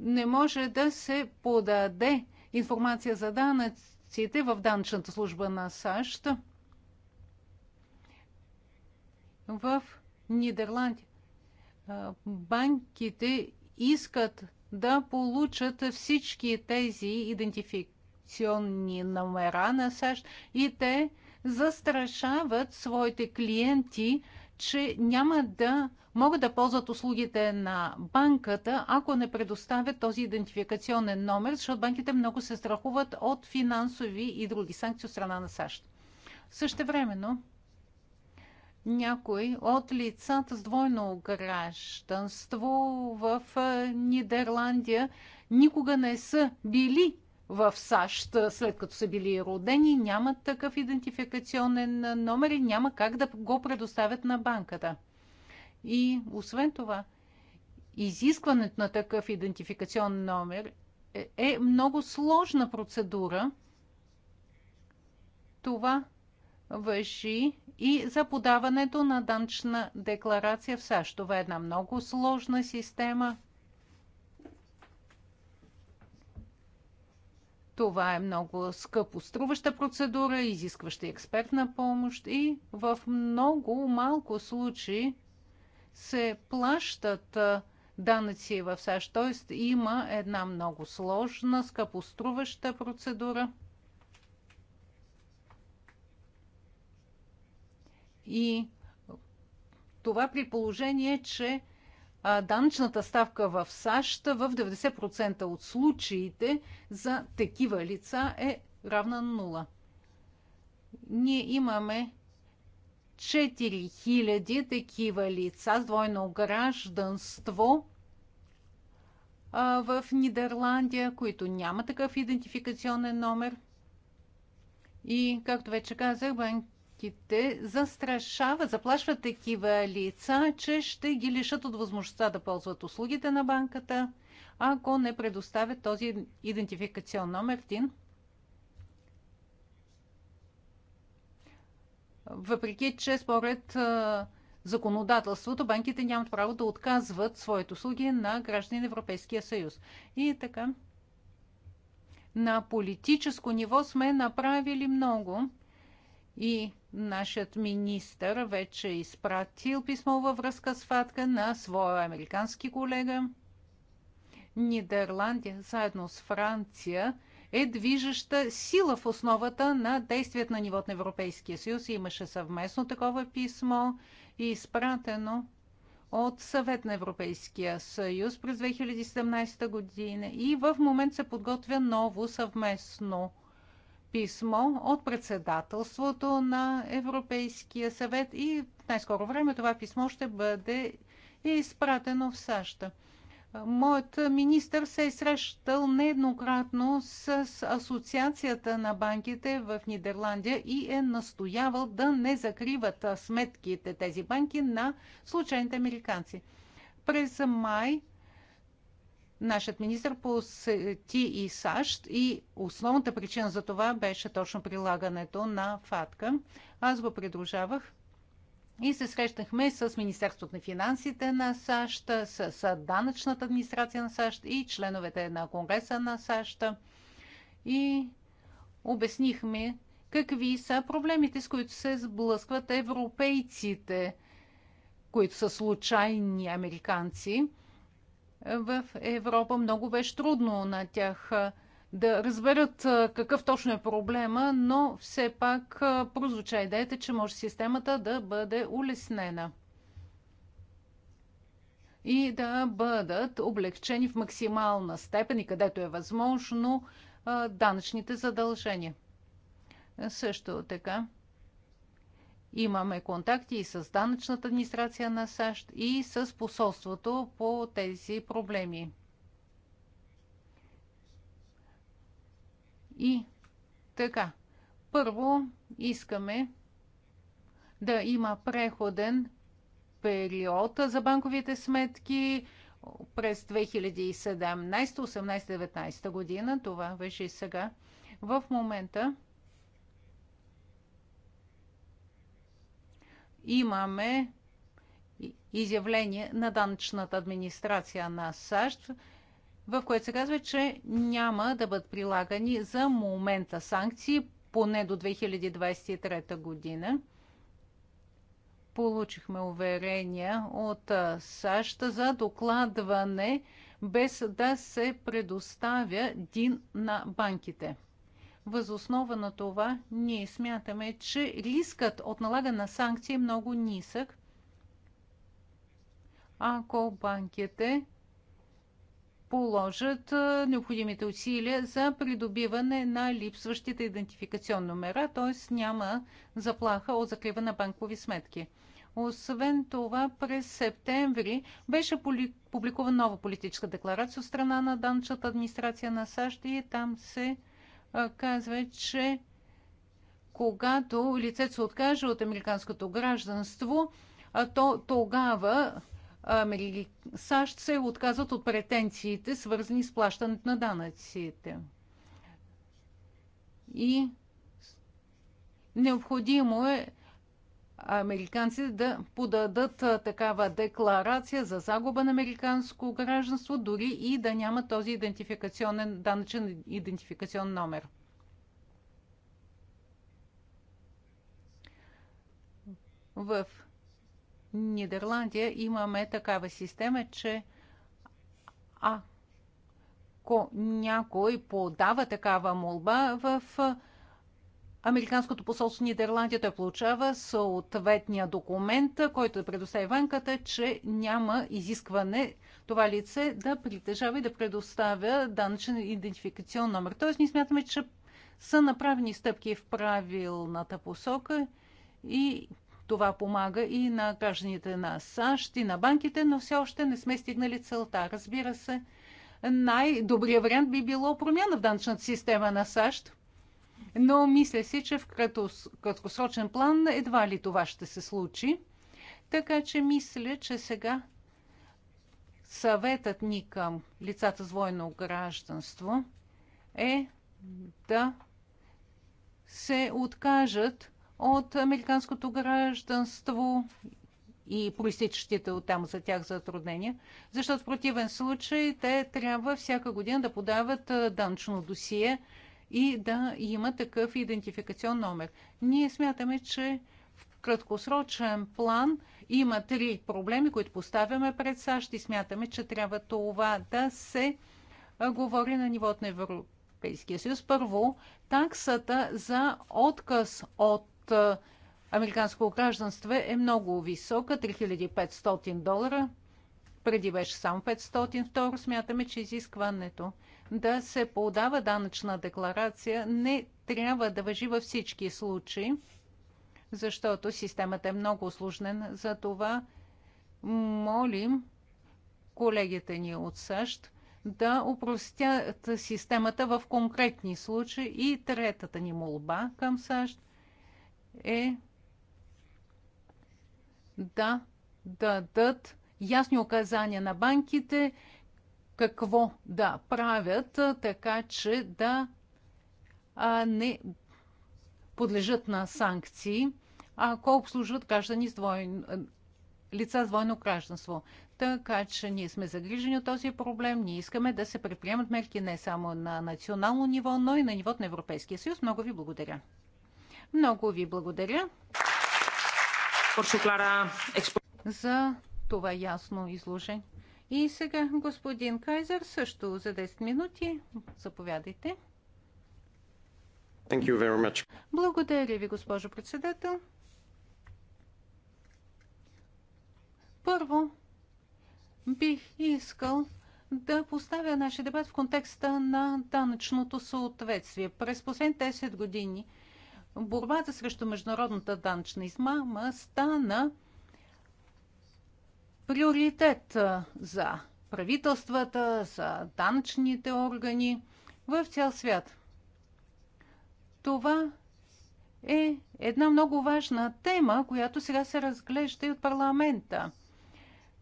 не може да се подаде информация за данъците в данъчната служба на САЩ. В Нидерланди. банките искат да получат всички тези идентификационни номера на САЩ и те застрашават своите клиенти, че няма да могат да ползват услугите на банката, ако не предоставят този идентификационен номер, защото банките много се страхуват от финансови и други санкции от страна на САЩ. Също времено, някои от лицата с двойно гражданство в Нидерландия никога не са били в САЩ, след като са били родени, нямат такъв идентификационен номер и няма как да го предоставят на банката. И освен това, изискването на такъв идентификационен номер е, е много сложна процедура. Това върши и за подаването на данъчна декларация в САЩ. Това е една много сложна система. Това е много скъпо струваща процедура, изискваща експертна помощ и в много малко случаи се плащат данъци в САЩ. Т.е. има една много сложна, скъпоструваща процедура – И това при положение, че данъчната ставка в САЩ в 90% от случаите за такива лица е равна на нула. Ние имаме 4000 такива лица с двойно гражданство в Нидерландия, които няма такъв идентификационен номер. И, както вече казах, Банк банките застрашават, заплашват такива лица, че ще ги лишат от възможността да ползват услугите на банката, ако не предоставят този идентификацион номер ТИН. Въпреки, че според законодателството банките нямат право да отказват своите услуги на граждани на Европейския съюз. И така, на политическо ниво сме направили много – и нашият министър вече е изпратил писмо във връзка с фатка на своя американски колега. Нидерландия заедно с Франция е движеща сила в основата на действият на нивото на Европейския съюз. Имаше съвместно такова писмо и изпратено от Съвет на Европейския съюз през 2017 година и в момент се подготвя ново съвместно писмо от председателството на Европейския съвет и в най-скоро време това писмо ще бъде изпратено в САЩ. Моят министр се е срещал нееднократно с Асоциацията на банките в Нидерландия и е настоявал да не закриват сметките тези банки на случайните американци. През май Нашият министр посети и САЩ и основната причина за това беше точно прилагането на ФАТКА. Аз го придружавах и се срещнахме с Министерството на финансите на САЩ, с, с данъчната администрация на САЩ и членовете на Конгреса на САЩ. И обяснихме какви са проблемите, с които се сблъскват европейците, които са случайни американци – в Европа много беше трудно на тях да разберат какъв точно е проблема, но все пак прозвуча идеята, че може системата да бъде улеснена и да бъдат облегчени в максимална степен и където е възможно данъчните задължения. Също така Имаме контакти и с данъчната администрация на САЩ и с посолството по тези проблеми. И така, първо искаме да има преходен период за банковите сметки през 2017, 18, 19 година. Това беше сега. В момента имаме изявление на данъчната администрация на САЩ, в което се казва, че няма да бъдат прилагани за момента санкции поне до 2023 година. Получихме уверения от САЩ за докладване без да се предоставя ДИН на банките. Възоснова на това ние смятаме, че рискът от налагане на санкции е много нисък, ако банките положат необходимите усилия за придобиване на липсващите идентификационни номера, т.е. няма заплаха от закрива на банкови сметки. Освен това, през септември беше публикувана нова политическа декларация от страна на данчата администрация на САЩ и там се казва, че когато лицето се откаже от американското гражданство, то тогава САЩ се отказват от претенциите, свързани с плащането на данъците. И необходимо е американците да подадат такава декларация за загуба на американско гражданство, дори и да няма този идентификационен, данъчен идентификационен номер. В Нидерландия имаме такава система, че ако някой подава такава молба в Американското посолство Нидерландията получава съответния документ, който да е предостави банката, че няма изискване това лице да притежава и да предоставя данъчен идентификационен номер. Тоест, ние смятаме, че са направени стъпки в правилната посока и това помага и на гражданите на САЩ и на банките, но все още не сме стигнали целта. Разбира се, най-добрият вариант би било промяна в данъчната система на САЩ, но мисля си, че в краткосрочен план едва ли това ще се случи. Така че мисля, че сега съветът ни към лицата с двойно гражданство е да се откажат от американското гражданство и проистичащите от там за тях затруднения, защото в противен случай те трябва всяка година да подават данчно досие и да има такъв идентификацион номер. Ние смятаме, че в краткосрочен план има три проблеми, които поставяме пред САЩ и смятаме, че трябва това да се говори на нивото на Европейския съюз. Първо, таксата за отказ от американско гражданство е много висока 3500 долара. Преди беше само 500. Второ, смятаме, че изискването да се подава данъчна декларация не трябва да въжи във всички случаи, защото системата е много За това молим колегите ни от САЩ да упростят системата в конкретни случаи. И третата ни молба към САЩ е да дадат ясни указания на банките, какво да правят, така че да а, не подлежат на санкции, ако обслужват граждани с двойно, лица с двойно гражданство. Така че ние сме загрижени от този проблем. Ние искаме да се предприемат мерки не само на национално ниво, но и на нивото на Европейския съюз. Много ви благодаря. Много ви благодаря за това ясно изложение. И сега господин Кайзер също за 10 минути. Заповядайте. Thank you very much. Благодаря ви, госпожо председател. Първо, бих искал да поставя нашия дебат в контекста на данъчното съответствие. През последните 10 години борбата срещу международната данъчна измама стана приоритет за правителствата, за данъчните органи в цял свят. Това е една много важна тема, която сега се разглежда и от парламента.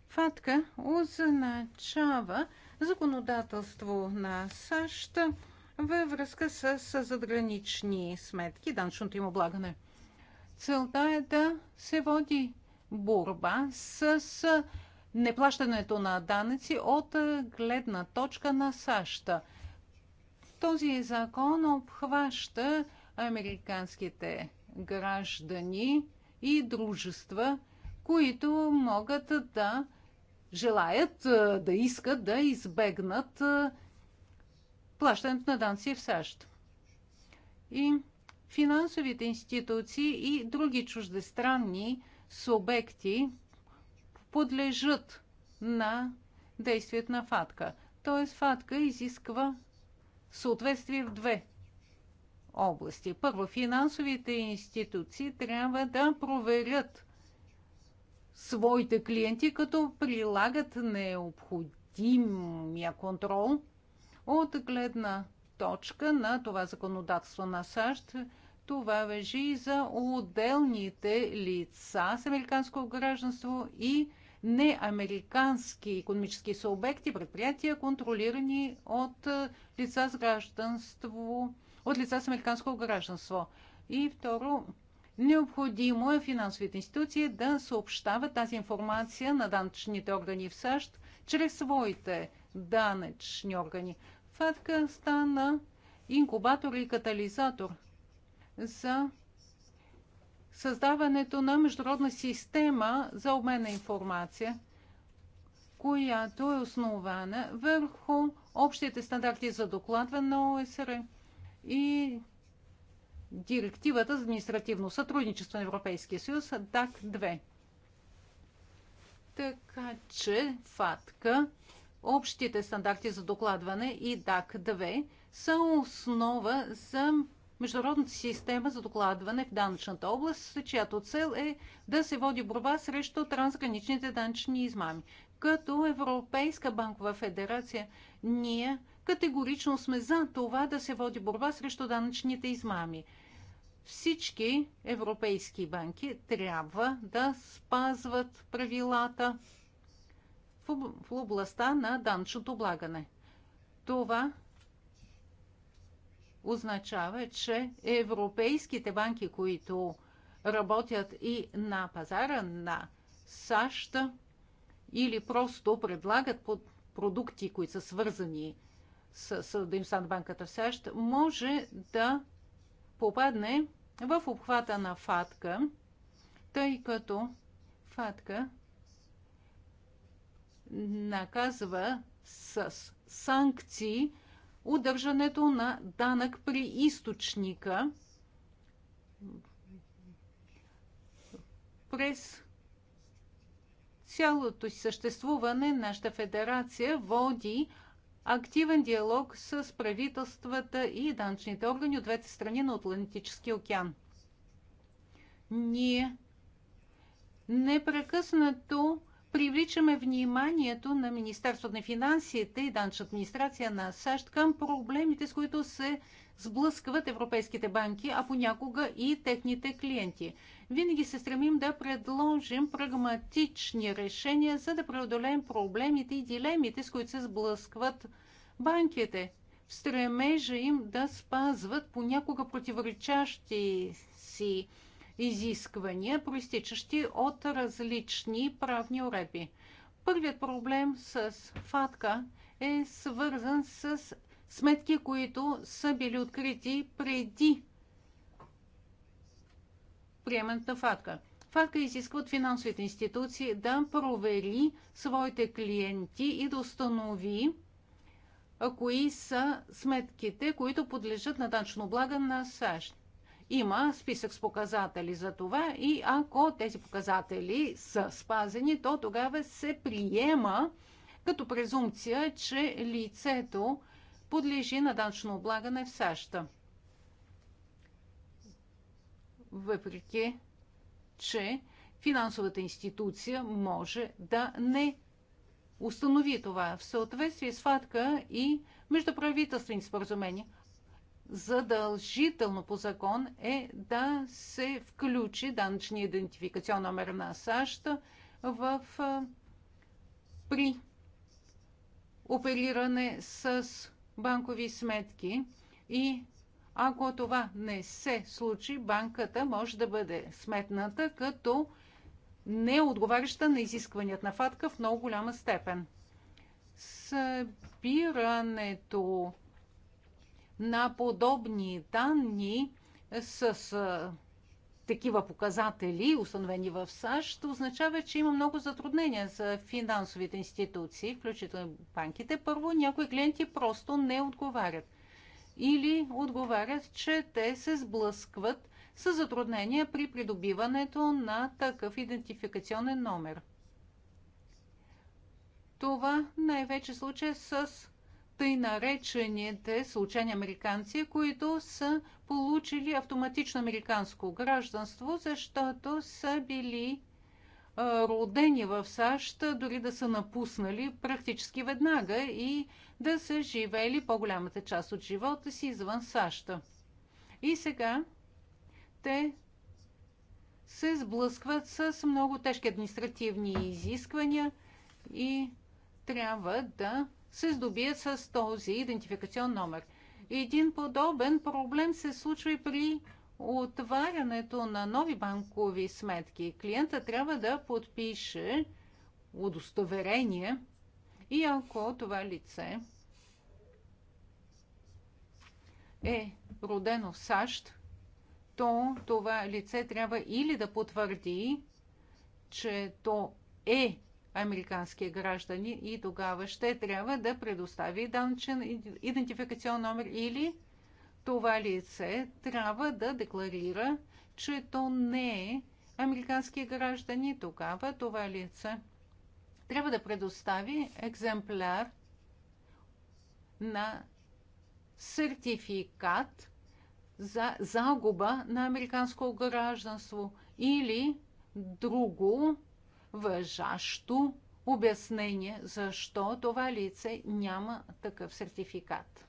Фатка означава законодателство на САЩ във връзка с задгранични сметки, данъчното им облагане. Целта е да се води борба с неплащането на данъци от гледна точка на САЩ. Този закон обхваща американските граждани и дружества, които могат да желаят, е, да искат да избегнат е, плащането на данци в САЩ. И финансовите институции и други чуждестранни субекти подлежат на действието на ФАТКА. Т.е. ФАТКА изисква съответствие в две области. Първо, финансовите институции трябва да проверят своите клиенти, като прилагат необходимия контрол от гледна точка на това законодателство на САЩ – това въжи и за отделните лица с американско гражданство и неамерикански економически субекти, предприятия, контролирани от е, лица с гражданство, от лица с американско гражданство. И второ, необходимо е финансовите институции да съобщават тази информация на данъчните органи в САЩ чрез своите данъчни органи. ФАТКА стана инкубатор и катализатор за създаването на международна система за обмен на информация, която е основана върху общите стандарти за докладване на ОСР и директивата за административно сътрудничество на Европейския съюз, ДАК-2. Така че ФАТКА, общите стандарти за докладване и ДАК-2 са основа за международната система за докладване в данъчната област, чиято цел е да се води борба срещу трансграничните данъчни измами. Като Европейска банкова федерация, ние категорично сме за това да се води борба срещу данъчните измами. Всички европейски банки трябва да спазват правилата в областта на данъчното облагане. Това означава, че европейските банки, които работят и на пазара на САЩ или просто предлагат под продукти, които са свързани с, с дейността на банката в САЩ, може да попадне в обхвата на ФАТКА, тъй като ФАТКА наказва с санкции удържането на данък при източника през цялото съществуване нашата федерация води активен диалог с правителствата и данъчните органи от двете страни на Атлантическия океан. Ние непрекъснато привличаме вниманието на Министерството на финансите и данъчна администрация на САЩ към проблемите, с които се сблъскват европейските банки, а понякога и техните клиенти. Винаги се стремим да предложим прагматични решения, за да преодолеем проблемите и дилемите, с които се сблъскват банките. В стремежа им да спазват понякога противоречащи си изисквания, проистичащи от различни правни уредби. Първият проблем с ФАТКА е свързан с сметки, които са били открити преди приемането на ФАТКА. ФАТКА изисква от финансовите институции да провери своите клиенти и да установи кои са сметките, които подлежат на данчно облага на САЩ. Има списък с показатели за това и ако тези показатели са спазени, то тогава се приема като презумпция, че лицето подлежи на данъчно облагане в САЩ. Въпреки, че финансовата институция може да не установи това в съответствие с фатка и междуправителствени споразумения задължително по закон е да се включи данъчния идентификацион номер на САЩ в при опериране с банкови сметки и ако това не се случи, банката може да бъде сметната като не отговаряща на изискванията на ФАТКА в много голяма степен. Събирането на подобни данни с такива показатели, установени в САЩ, означава, че има много затруднения за финансовите институции, включително банките. Първо, някои клиенти просто не отговарят. Или отговарят, че те се сблъскват с затруднения при придобиването на такъв идентификационен номер. Това най-вече случай с тъй наречените случайни американци, които са получили автоматично американско гражданство, защото са били родени в САЩ, дори да са напуснали практически веднага и да са живели по-голямата част от живота си извън САЩ. И сега те се сблъскват с много тежки административни изисквания и трябва да се здобият с този идентификацион номер. Един подобен проблем се случва и при отварянето на нови банкови сметки. Клиента трябва да подпише удостоверение и ако това лице е родено в САЩ, то това лице трябва или да потвърди, че то е американски граждани и тогава ще трябва да предостави данчен идентификационен номер или това лице трябва да декларира, че то не е американски граждани, тогава това лице трябва да предостави екземпляр на сертификат за загуба на американско гражданство или друго въжащо обяснение защо това лице няма такъв сертификат.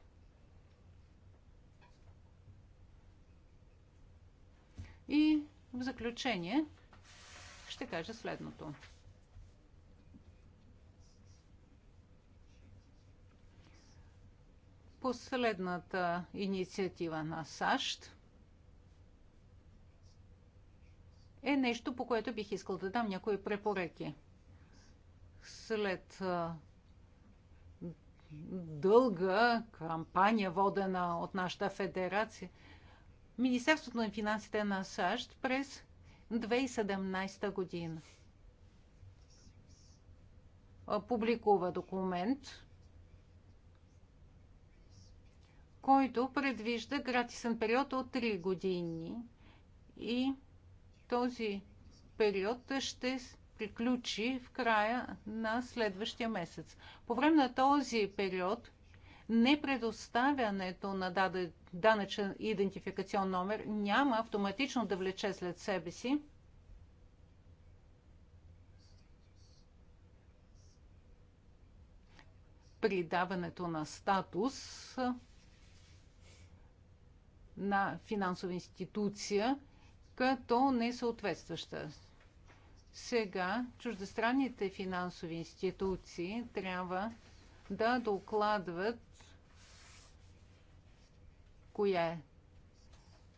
И в заключение ще кажа следното. Последната инициатива на САЩ – е нещо, по което бих искал да дам някои препоръки. След дълга кампания, водена от нашата федерация, Министерството на финансите на САЩ през 2017 година публикува документ, който предвижда гратисен период от 3 години и този период ще приключи в края на следващия месец. По време на този период непредоставянето на данъчен идентификацион номер няма автоматично да влече след себе си придаването на статус на финансова институция – като несъответстваща. Сега чуждестранните финансови институции трябва да докладват коя е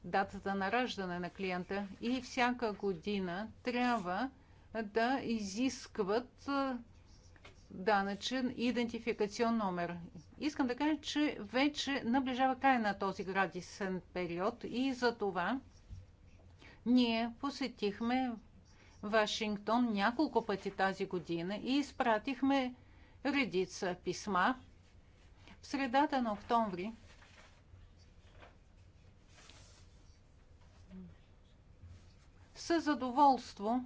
датата на раждане на клиента и всяка година трябва да изискват данъчен идентификацион номер. Искам да кажа, че вече наближава край на този градисен период и за това ние посетихме Вашингтон няколко пъти тази година и изпратихме редица писма. В средата на октомври със задоволство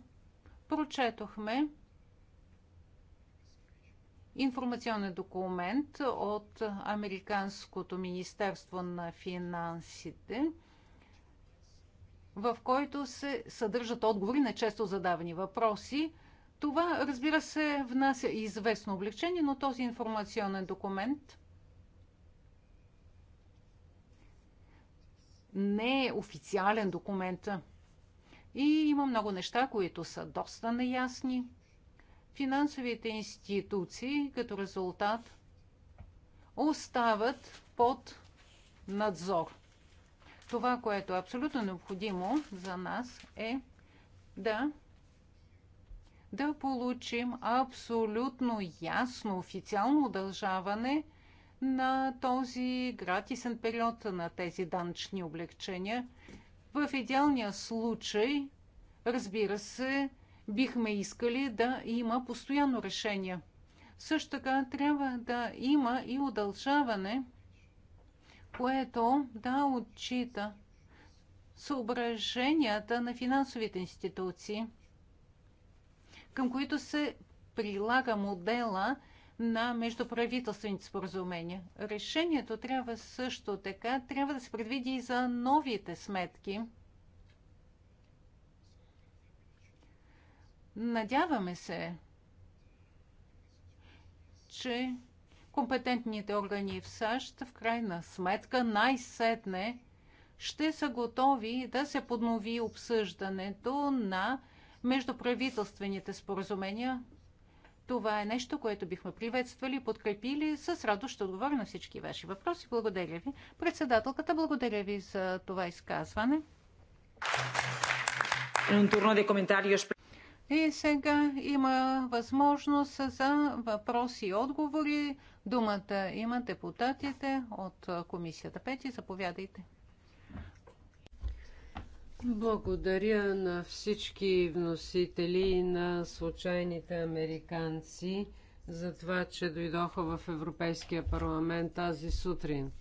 прочетохме информационен документ от Американското Министерство на финансите – в който се съдържат отговори на често задавани въпроси. Това, разбира се, внася и известно облегчение, но този информационен документ не е официален документ. И има много неща, които са доста неясни. Финансовите институции като резултат остават под надзор. Това, което е абсолютно необходимо за нас е да да получим абсолютно ясно официално удължаване на този гратисен период на тези данъчни облегчения. В идеалния случай, разбира се, бихме искали да има постоянно решение. Също така трябва да има и удължаване – което да отчита съображенията на финансовите институции, към които се прилага модела на междуправителствените споразумения. Решението трябва също така, трябва да се предвиди и за новите сметки. Надяваме се, че компетентните органи в САЩ в крайна сметка най-сетне ще са готови да се поднови обсъждането на междуправителствените споразумения. Това е нещо, което бихме приветствали, подкрепили. С радост ще отговоря на всички ваши въпроси. Благодаря ви. Председателката, благодаря ви за това изказване. Un turno de comentarios. И сега има възможност за въпроси и отговори. Думата има депутатите от комисията 5. Заповядайте. Благодаря на всички вносители и на случайните американци за това, че дойдоха в Европейския парламент тази сутрин.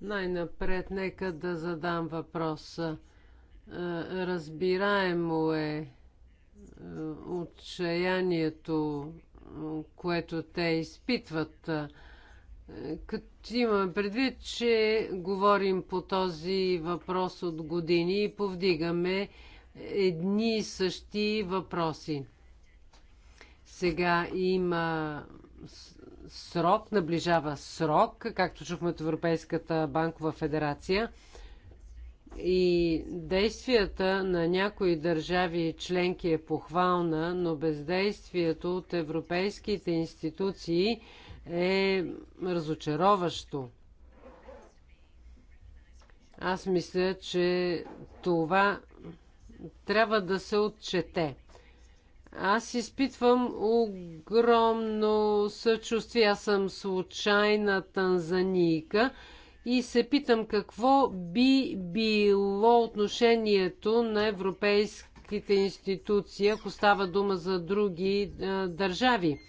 Най-напред нека да задам въпроса. Разбираемо е е, отчаянието, което те изпитват. Е, като имаме предвид, че говорим по този въпрос от години и повдигаме едни и същи въпроси. Сега има срок, наближава срок, както чухме от Европейската банкова федерация – и действията на някои държави членки е похвална, но бездействието от европейските институции е разочароващо. Аз мисля, че това трябва да се отчете. Аз изпитвам огромно съчувствие. Аз съм случайна танзанийка и се питам какво би било отношението на европейските институции, ако става дума за други е, държави,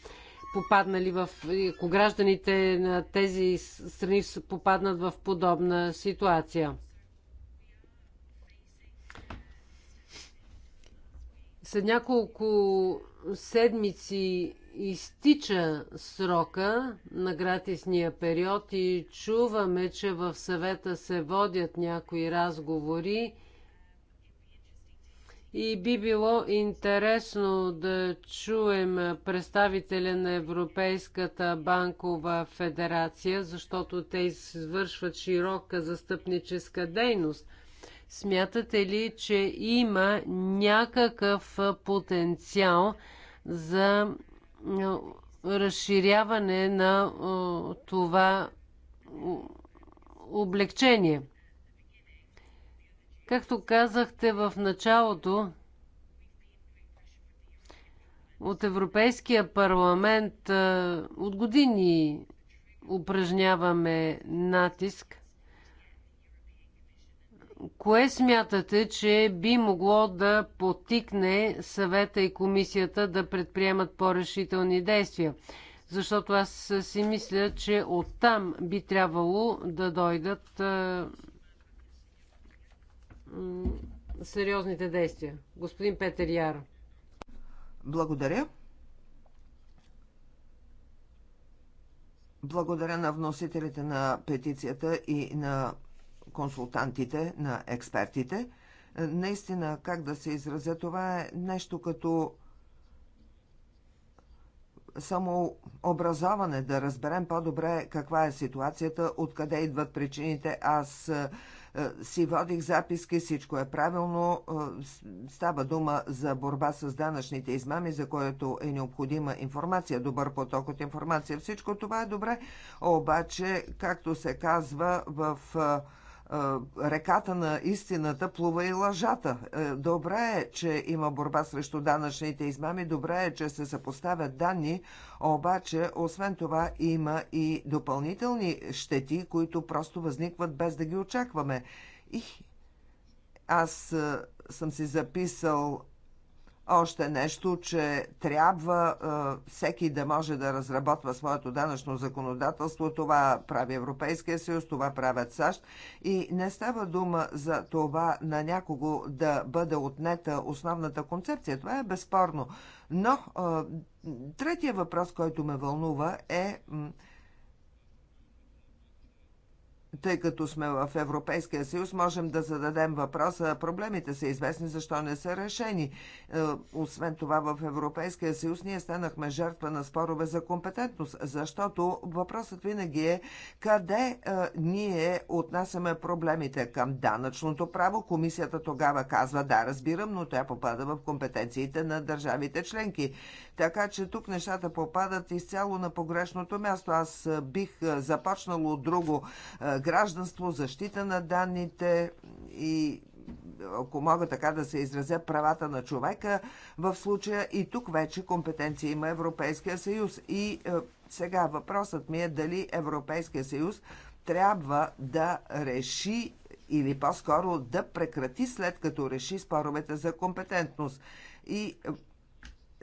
попаднали в, ако гражданите на тези страни попаднат в подобна ситуация. След няколко седмици изтича срока на гратисния период и чуваме, че в съвета се водят някои разговори и би било интересно да чуем представителя на Европейската банкова федерация, защото те извършват широка застъпническа дейност. Смятате ли, че има някакъв потенциал за разширяване на това облегчение. Както казахте в началото, от Европейския парламент е, от години упражняваме натиск Кое смятате, че би могло да потикне съвета и комисията да предприемат по-решителни действия? Защото аз си мисля, че оттам би трябвало да дойдат а, сериозните действия. Господин Петър Яр. Благодаря. Благодаря на вносителите на петицията и на консултантите, на експертите. Е, наистина, как да се изразя, това е нещо като само образоване, да разберем по-добре каква е ситуацията, откъде идват причините. Аз е, е, си водих записки, всичко е правилно. Става дума за борба с данъчните измами, за което е необходима информация, добър поток от информация. Всичко това е добре, обаче, както се казва в реката на истината плува и лъжата. Е, добре е, че има борба срещу данъчните измами, добре е, че се съпоставят данни, обаче, освен това, има и допълнителни щети, които просто възникват без да ги очакваме. И аз е, съм си записал още нещо, че трябва е, всеки да може да разработва своето данъчно законодателство. Това прави Европейския съюз, това правят САЩ. И не става дума за това на някого да бъде отнета основната концепция. Това е безспорно. Но е, третия въпрос, който ме вълнува е. Е, тъй като сме в Европейския съюз, можем да зададем въпроса, проблемите са известни, защо не са решени. Е, освен това, в Европейския съюз ние станахме жертва на спорове за компетентност, защото въпросът винаги е къде е, ние отнасяме проблемите към данъчното право. Комисията тогава казва, да, разбирам, но тя попада в компетенциите на държавите членки. Така че тук нещата попадат изцяло на погрешното място. Аз бих започнал от друго гражданство, защита на данните и ако мога така да се изразя, правата на човека в случая и тук вече компетенция има Европейския съюз. И е, сега въпросът ми е дали Европейския съюз трябва да реши или по-скоро да прекрати след като реши споровете за компетентност. И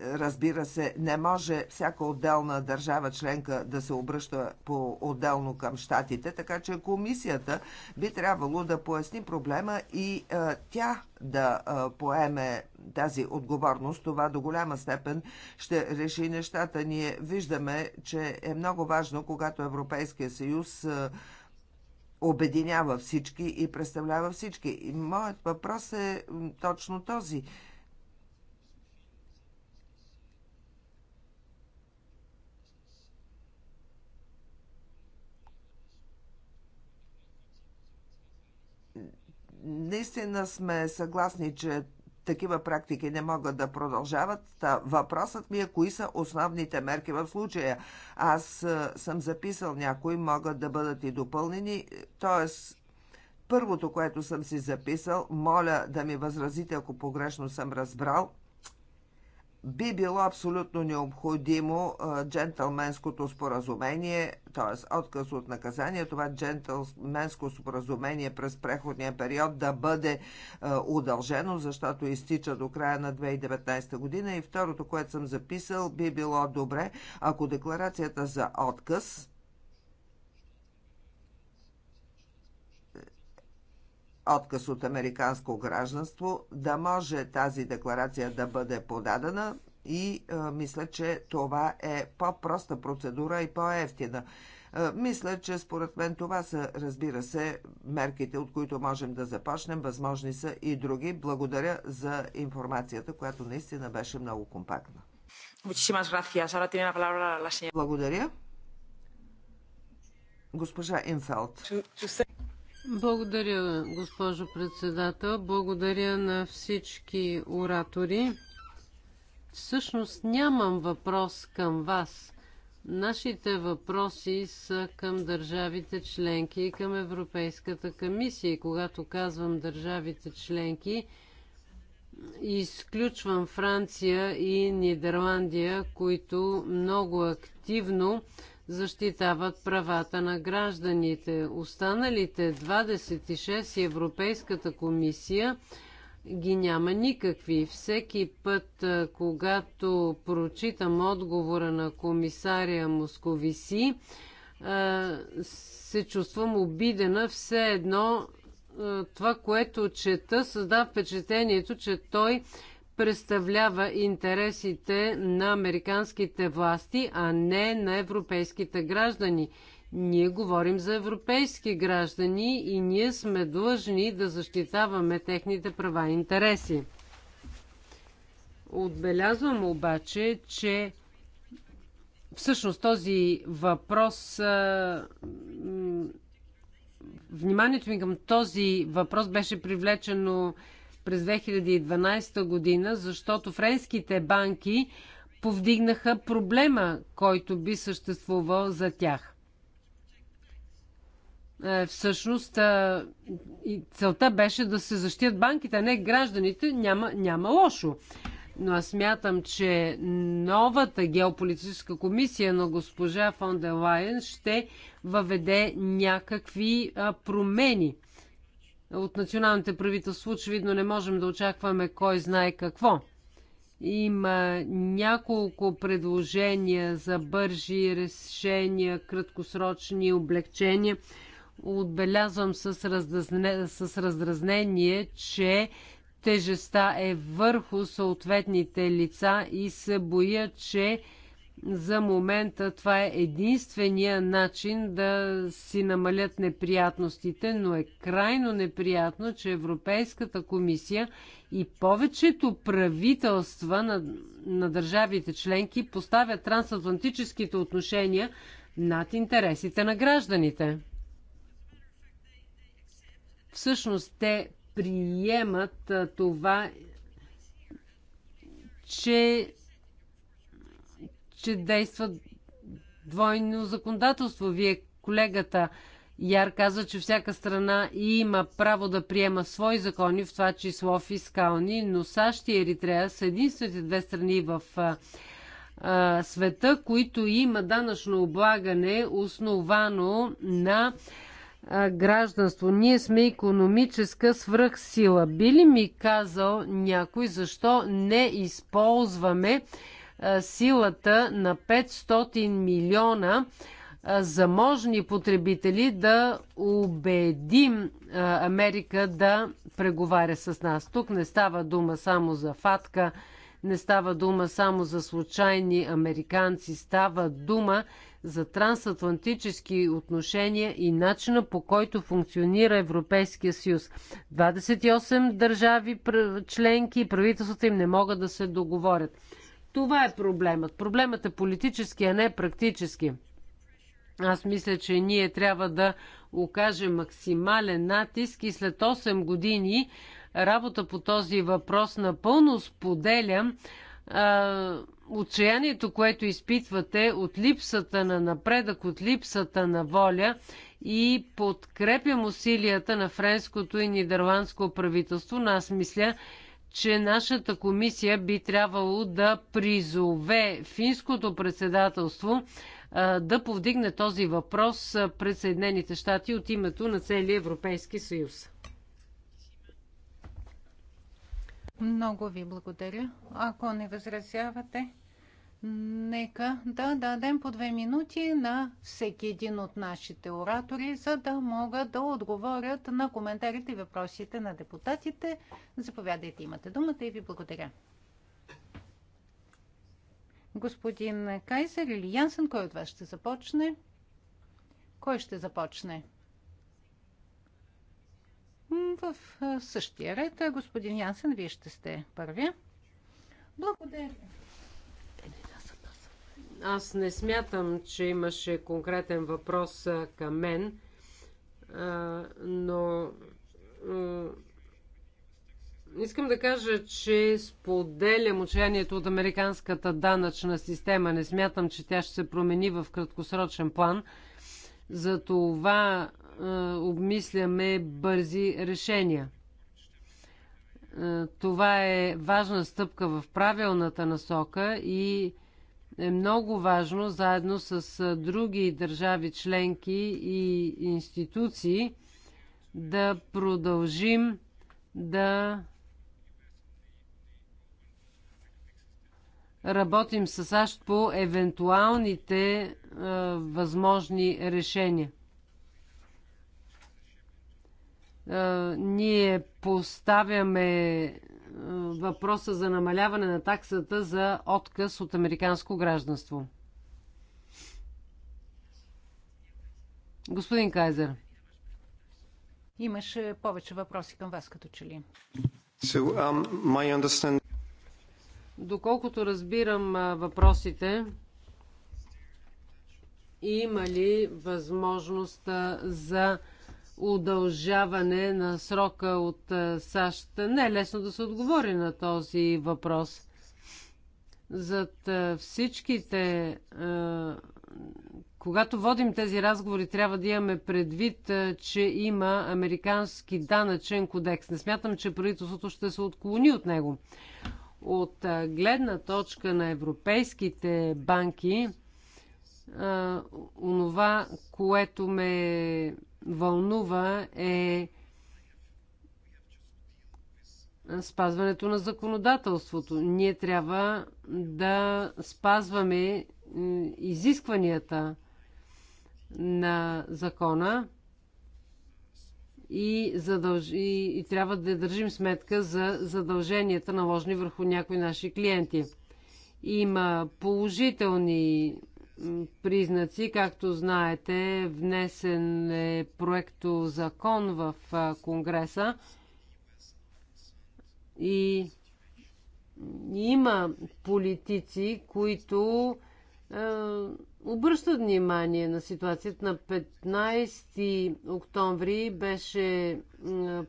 Разбира се, не може всяка отделна държава членка да се обръща по-отделно към щатите, така че комисията би трябвало да поясни проблема и а, е, тя да а, е, поеме тази отговорност. Това до голяма степен ще реши нещата. Ние виждаме, че е много важно, когато Европейския съюз а, е, обединява всички и представлява всички. И моят въпрос е точно този. наистина сме съгласни, че такива практики не могат да продължават. Та, въпросът ми е кои са основните мерки в случая. Аз е, съм записал някои, могат да бъдат и допълнени. Тоест, първото, което съм си записал, моля да ми възразите, ако погрешно съм разбрал, би било абсолютно необходимо джентълменското споразумение, т.е. отказ от наказание, това джентълменско споразумение през преходния период да бъде удължено, защото изтича до края на 2019 година. И второто, което съм записал, би било добре, ако декларацията за отказ отказ от американско гражданство, да може тази декларация да бъде подадена и а, е, мисля, че това е по-проста процедура и по-ефтина. Е, мисля, че според мен това са, разбира се, мерките, от които можем да започнем. Възможни са и други. Благодаря за информацията, която наистина беше много компактна. Благодаря. Госпожа Инфелд. Благодаря, госпожо председател. Благодаря на всички оратори. Всъщност нямам въпрос към вас. Нашите въпроси са към държавите членки и към Европейската комисия. И когато казвам държавите членки, изключвам Франция и Нидерландия, които много активно защитават правата на гражданите. Останалите 26 и Европейската комисия ги няма никакви. Всеки път, когато прочитам отговора на комисария Московиси, се чувствам обидена. Все едно това, което чета, създава впечатлението, че той представлява интересите на американските власти, а не на европейските граждани. Ние говорим за европейски граждани и ние сме длъжни да защитаваме техните права и интереси. Отбелязвам обаче, че всъщност този въпрос, вниманието ми към този въпрос беше привлечено през 2012 година, защото френските банки повдигнаха проблема, който би съществувал за тях. Е, всъщност, е, целта беше да се защитят банките, а не гражданите. Няма, няма лошо. Но аз мятам, че новата геополитическа комисия на госпожа фон де Лайен ще въведе някакви е, промени – от националните правителства очевидно не можем да очакваме кой знае какво. Има няколко предложения за бържи решения, краткосрочни облегчения. Отбелязвам с, раздразне, с раздразнение, че тежестта е върху съответните лица и се боя, че за момента това е единствения начин да си намалят неприятностите, но е крайно неприятно, че Европейската комисия и повечето правителства на, на държавите членки поставят трансатлантическите отношения над интересите на гражданите. Всъщност те приемат това, че че действа двойно законодателство. Вие, колегата Яр, каза, че всяка страна има право да приема свои закони, в това число фискални, но САЩ и Еритрея са единствените две страни в а, света, които има данъчно облагане, основано на гражданство. Ние сме економическа свръхсила. Би ли ми казал някой защо не използваме силата на 500 милиона заможни потребители да убедим Америка да преговаря с нас. Тук не става дума само за фатка, не става дума само за случайни американци, става дума за трансатлантически отношения и начина по който функционира Европейския съюз. 28 държави членки и правителствата им не могат да се договорят. Това е проблемът. Проблемът е политически, а не практически. Аз мисля, че ние трябва да окажем максимален натиск и след 8 години работа по този въпрос напълно споделям а, отчаянието, което изпитвате от липсата на напредък, от липсата на воля и подкрепям усилията на френското и нидерландско правителство, но аз мисля, че нашата комисия би трябвало да призове финското председателство да повдигне този въпрос пред Съединените щати от името на целия Европейски съюз. Много ви благодаря. Ако не възразявате, Нека да дадем по две минути на всеки един от нашите оратори, за да могат да отговорят на коментарите и въпросите на депутатите. Заповядайте, имате думата и ви благодаря. Господин Кайзер или Янсен, кой от вас ще започне? Кой ще започне? В същия ред, господин Янсен, вие ще сте първи. Благодаря. Аз не смятам, че имаше конкретен въпрос към мен, но искам да кажа, че споделям учението от американската данъчна система. Не смятам, че тя ще се промени в краткосрочен план. за това обмисляме бързи решения. Това е важна стъпка в правилната насока и е много важно заедно с други държави членки и институции да продължим да работим с САЩ по евентуалните е, възможни решения. Е, ние поставяме въпроса за намаляване на таксата за отказ от американско гражданство. Господин Кайзер. Имаше повече въпроси към вас, като че ли. So, um, my understand... Доколкото разбирам въпросите, има ли възможност за удължаване на срока от е, САЩ. Не е лесно да се отговори на този въпрос. Зад е, всичките. Е, когато водим тези разговори, трябва да имаме предвид, че има американски данъчен кодекс. Не смятам, че правителството ще се отклони от него. От гледна точка на европейските банки, онова, което ме вълнува е спазването на законодателството. Ние трябва да спазваме изискванията на закона и, задълж... и, и трябва да държим сметка за задълженията наложени върху някои наши клиенти. Има положителни признаци. Както знаете, внесен е проекто закон в Конгреса и има политици, които е, обръщат внимание на ситуацията. На 15 октомври беше е,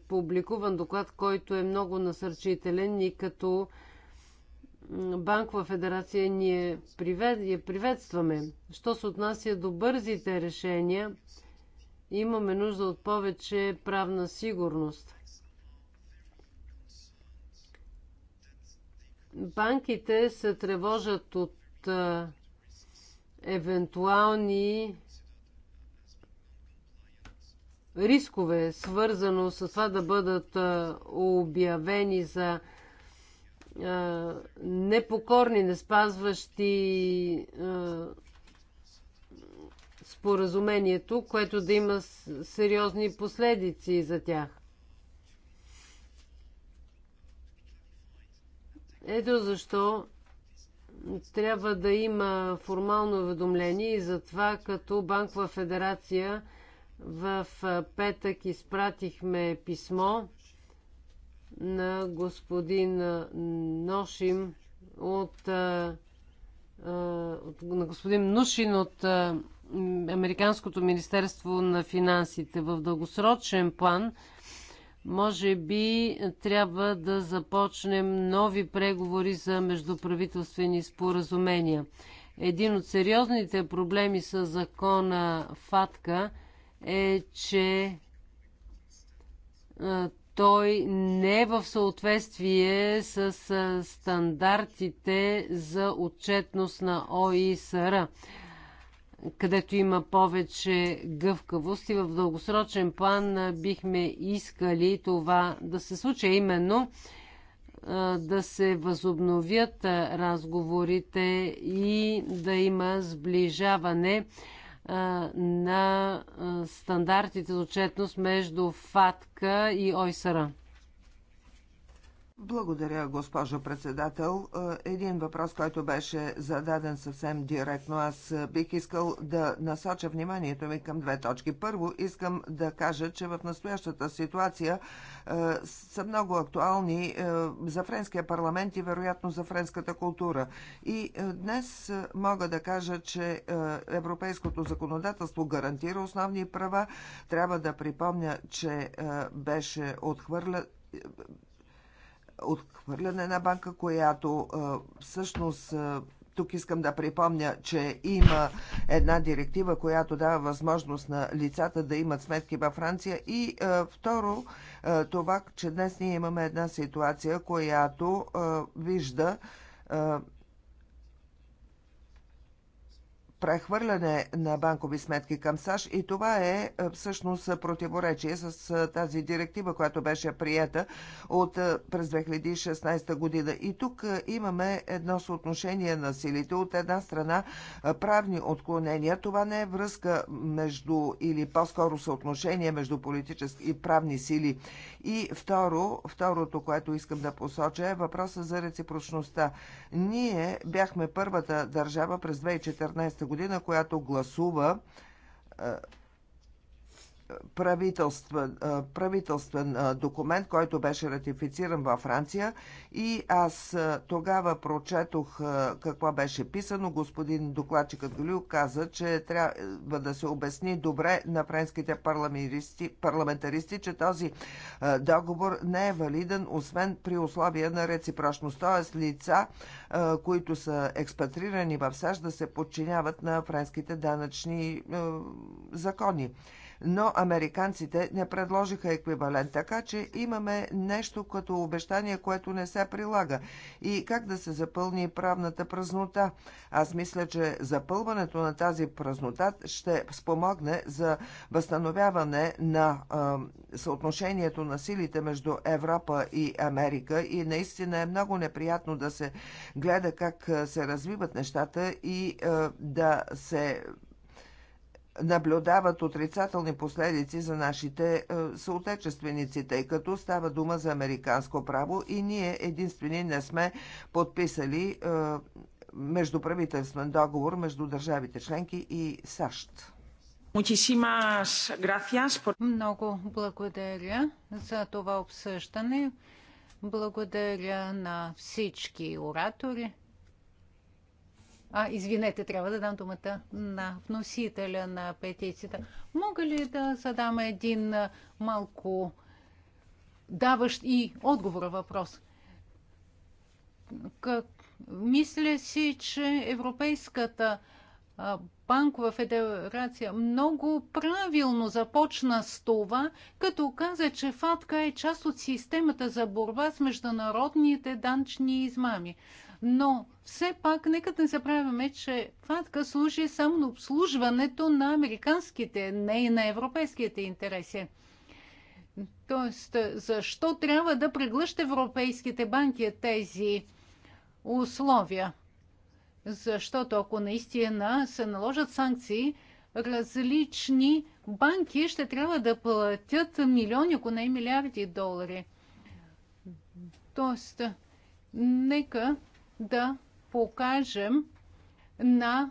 публикуван доклад, който е много насърчителен и като банкова федерация ние привет, я приветстваме. Що се отнася до бързите решения, имаме нужда от повече правна сигурност. Банките се тревожат от а, евентуални рискове, свързано с това да бъдат а, обявени за непокорни, не спазващи споразумението, което да има сериозни последици за тях. Ето защо трябва да има формално уведомление и затова като банкова федерация в петък изпратихме писмо на господин Ношим от на господин Нушин от Американското Министерство на финансите. В дългосрочен план може би трябва да започнем нови преговори за междуправителствени споразумения. Един от сериозните проблеми с закона ФАТКА е, че той не е в съответствие с стандартите за отчетност на ОИСР, където има повече гъвкавост и в дългосрочен план бихме искали това да се случи, именно да се възобновят разговорите и да има сближаване на стандартите за отчетност между ФАТКА и ОИСР. Благодаря, госпожо председател. Е, един въпрос, който беше зададен съвсем директно. Аз е, бих искал да насоча вниманието ми към две точки. Първо, искам да кажа, че в настоящата ситуация е, са много актуални е, за френския парламент и вероятно за френската култура. И е, днес е, мога да кажа, че европейското законодателство гарантира основни права. Трябва да припомня, че беше отхвърля отхвърляне на банка, която всъщност тук искам да припомня, че има една директива, която дава възможност на лицата да имат сметки във Франция. И второ, това, че днес ние имаме една ситуация, която вижда прехвърляне на банкови сметки към САЩ и това е, е всъщност е, противоречие с е, тази директива, която беше приета от през 2016 година. И тук имаме едно съотношение на силите. От една страна правни отклонения. Това не е връзка между или по-скоро съотношение между политически и правни сили. И второ, второто, което искам да посоча е въпроса за реципрочността. Ние бяхме първата държава през 2014 година година, която гласува е, правителствен, правителствен документ, който беше ратифициран във Франция и аз тогава прочетох какво беше писано. Господин докладчикът Голю каза, че трябва да се обясни добре на френските парламентаристи, парламентаристи, че този договор не е валиден, освен при условия на реципрочност. Т.е. лица, които са експатрирани в САЩ, да се подчиняват на френските данъчни закони но американците не предложиха еквивалент, така че имаме нещо като обещание, което не се прилага. И как да се запълни правната празнота? Аз мисля, че запълването на тази празнота ще спомогне за възстановяване на а, съотношението на силите между Европа и Америка и наистина е много неприятно да се гледа как се развиват нещата и а, да се наблюдават отрицателни последици за нашите е, съотечественици, тъй като става дума за американско право и ние единствени не сме подписали е, междуправителствен договор между държавите членки и САЩ. Много благодаря за това обсъждане. Благодаря на всички оратори. А, извинете, трябва да дам думата на вносителя на петицията. Мога ли да задам един малко даващ и отговора въпрос? Как... Мисля си, че Европейската банкова федерация много правилно започна с това, като каза, че ФАТКА е част от системата за борба с международните данчни измами. Но все пак нека да не забравяме, че ФАТКА служи само на обслужването на американските, не и на европейските интереси. Тоест, защо трябва да преглъща европейските банки тези условия? Защото ако наистина се наложат санкции, различни банки ще трябва да платят милиони, ако не милиарди долари. Тоест, нека да покажем на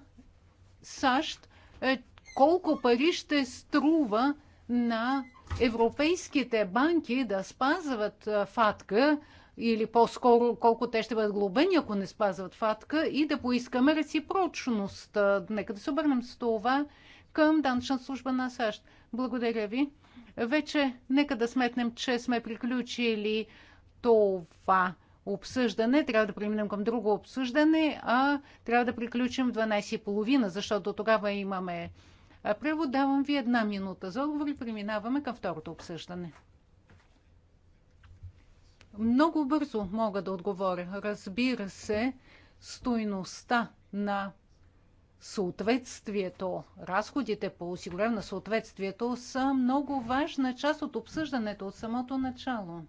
САЩ е, колко пари ще струва на европейските банки да спазват е, фатка или по-скоро колко те ще бъдат глобени, ако не спазват фатка и да поискаме реципрочност. Е, нека да се обърнем с това към данъчна служба на САЩ. Благодаря ви. Вече нека да сметнем, че сме приключили това обсъждане, трябва да преминем към друго обсъждане, а трябва да приключим в 12.30, защото тогава имаме превод. Давам ви една минута за отговор и преминаваме към второто обсъждане. Много бързо мога да отговоря. Разбира се, стойността на съответствието, разходите по осигуряване на съответствието са много важна част от обсъждането от самото начало.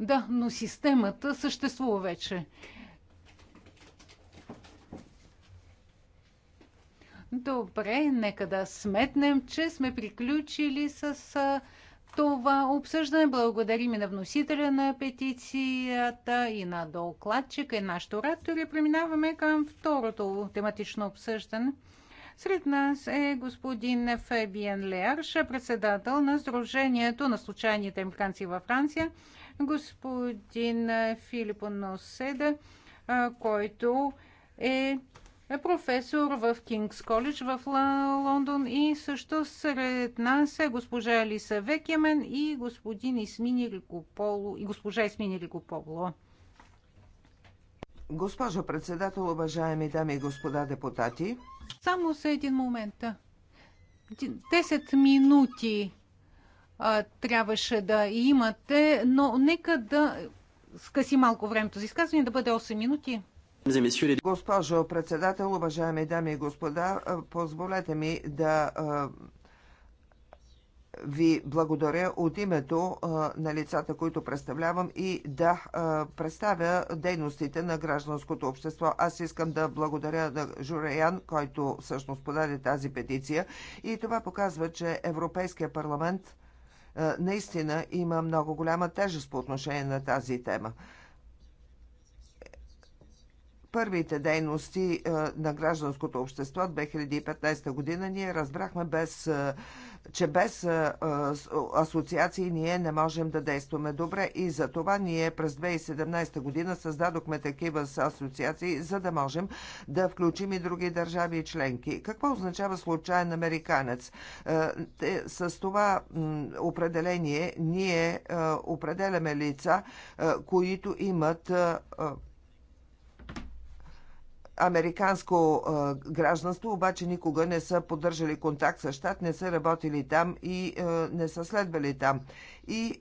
Да, но системата съществува вече. Добре, нека да сметнем, че сме приключили с това обсъждане. Благодарим и на вносителя на петицията, и на докладчика, и нашите оратори. Преминаваме към второто тематично обсъждане. Сред нас е господин Фебиен Леарша, председател на Сдружението на случайните американци във Франция господин Филипо Носеда, който е професор в Кингс Коледж в Лондон и също сред нас е госпожа Алиса Векемен и господин Исмини Рикополо, и госпожа Исмини Рикополо. Госпожо председател, уважаеми дами и господа депутати. Само за един момент. 10 минути а, трябваше да имате, но нека да скъси малко времето за изказване, да бъде 8 минути. Госпожо председател, уважаеми дами и господа, позволете ми да ви благодаря от името на лицата, които представлявам и да представя дейностите на гражданското общество. Аз искам да благодаря на Журеян, който всъщност подаде тази петиция и това показва, че Европейския парламент – е, наистина има много голяма тежест по отношение на тази тема. Първите дейности е, на гражданското общество от 2015 година ние разбрахме без е, че без асоциации ние не можем да действаме добре и за това ние през 2017 година създадохме такива асоциации, за да можем да включим и други държави и членки. Какво означава случайен американец? С това определение ние определяме лица, които имат американско гражданство, обаче никога не са поддържали контакт с щат, не са работили там и не са следвали там. И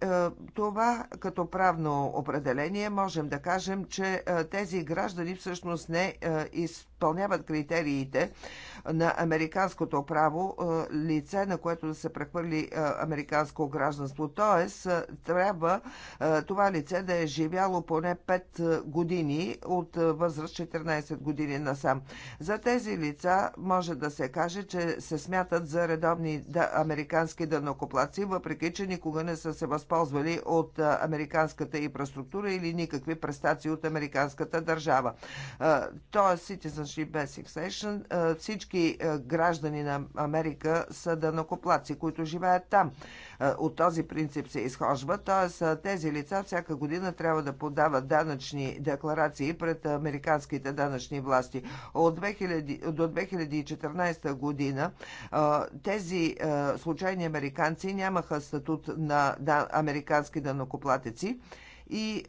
това като правно определение можем да кажем, че тези граждани всъщност не изпълняват изпълняват критериите на американското право е, лице, на което да се прехвърли е, американско гражданство. Тоест, е, трябва това лице да е живяло поне 5 години от възраст 14 години насам. За тези лица може да се каже, че се смятат за редовни американски дънокоплаци, въпреки че никога не са се възползвали от американската инфраструктура или никакви престации от американската държава. Тоест, Citizen Citizenship Basic Station. Всички граждани на Америка са дънокоплаци, които живеят там. От този принцип се изхожва. т.е. тези лица всяка година трябва да подават данъчни декларации пред американските данъчни власти. От 2000, до 2014 година тези случайни американци нямаха статут на американски дънокоплатеци и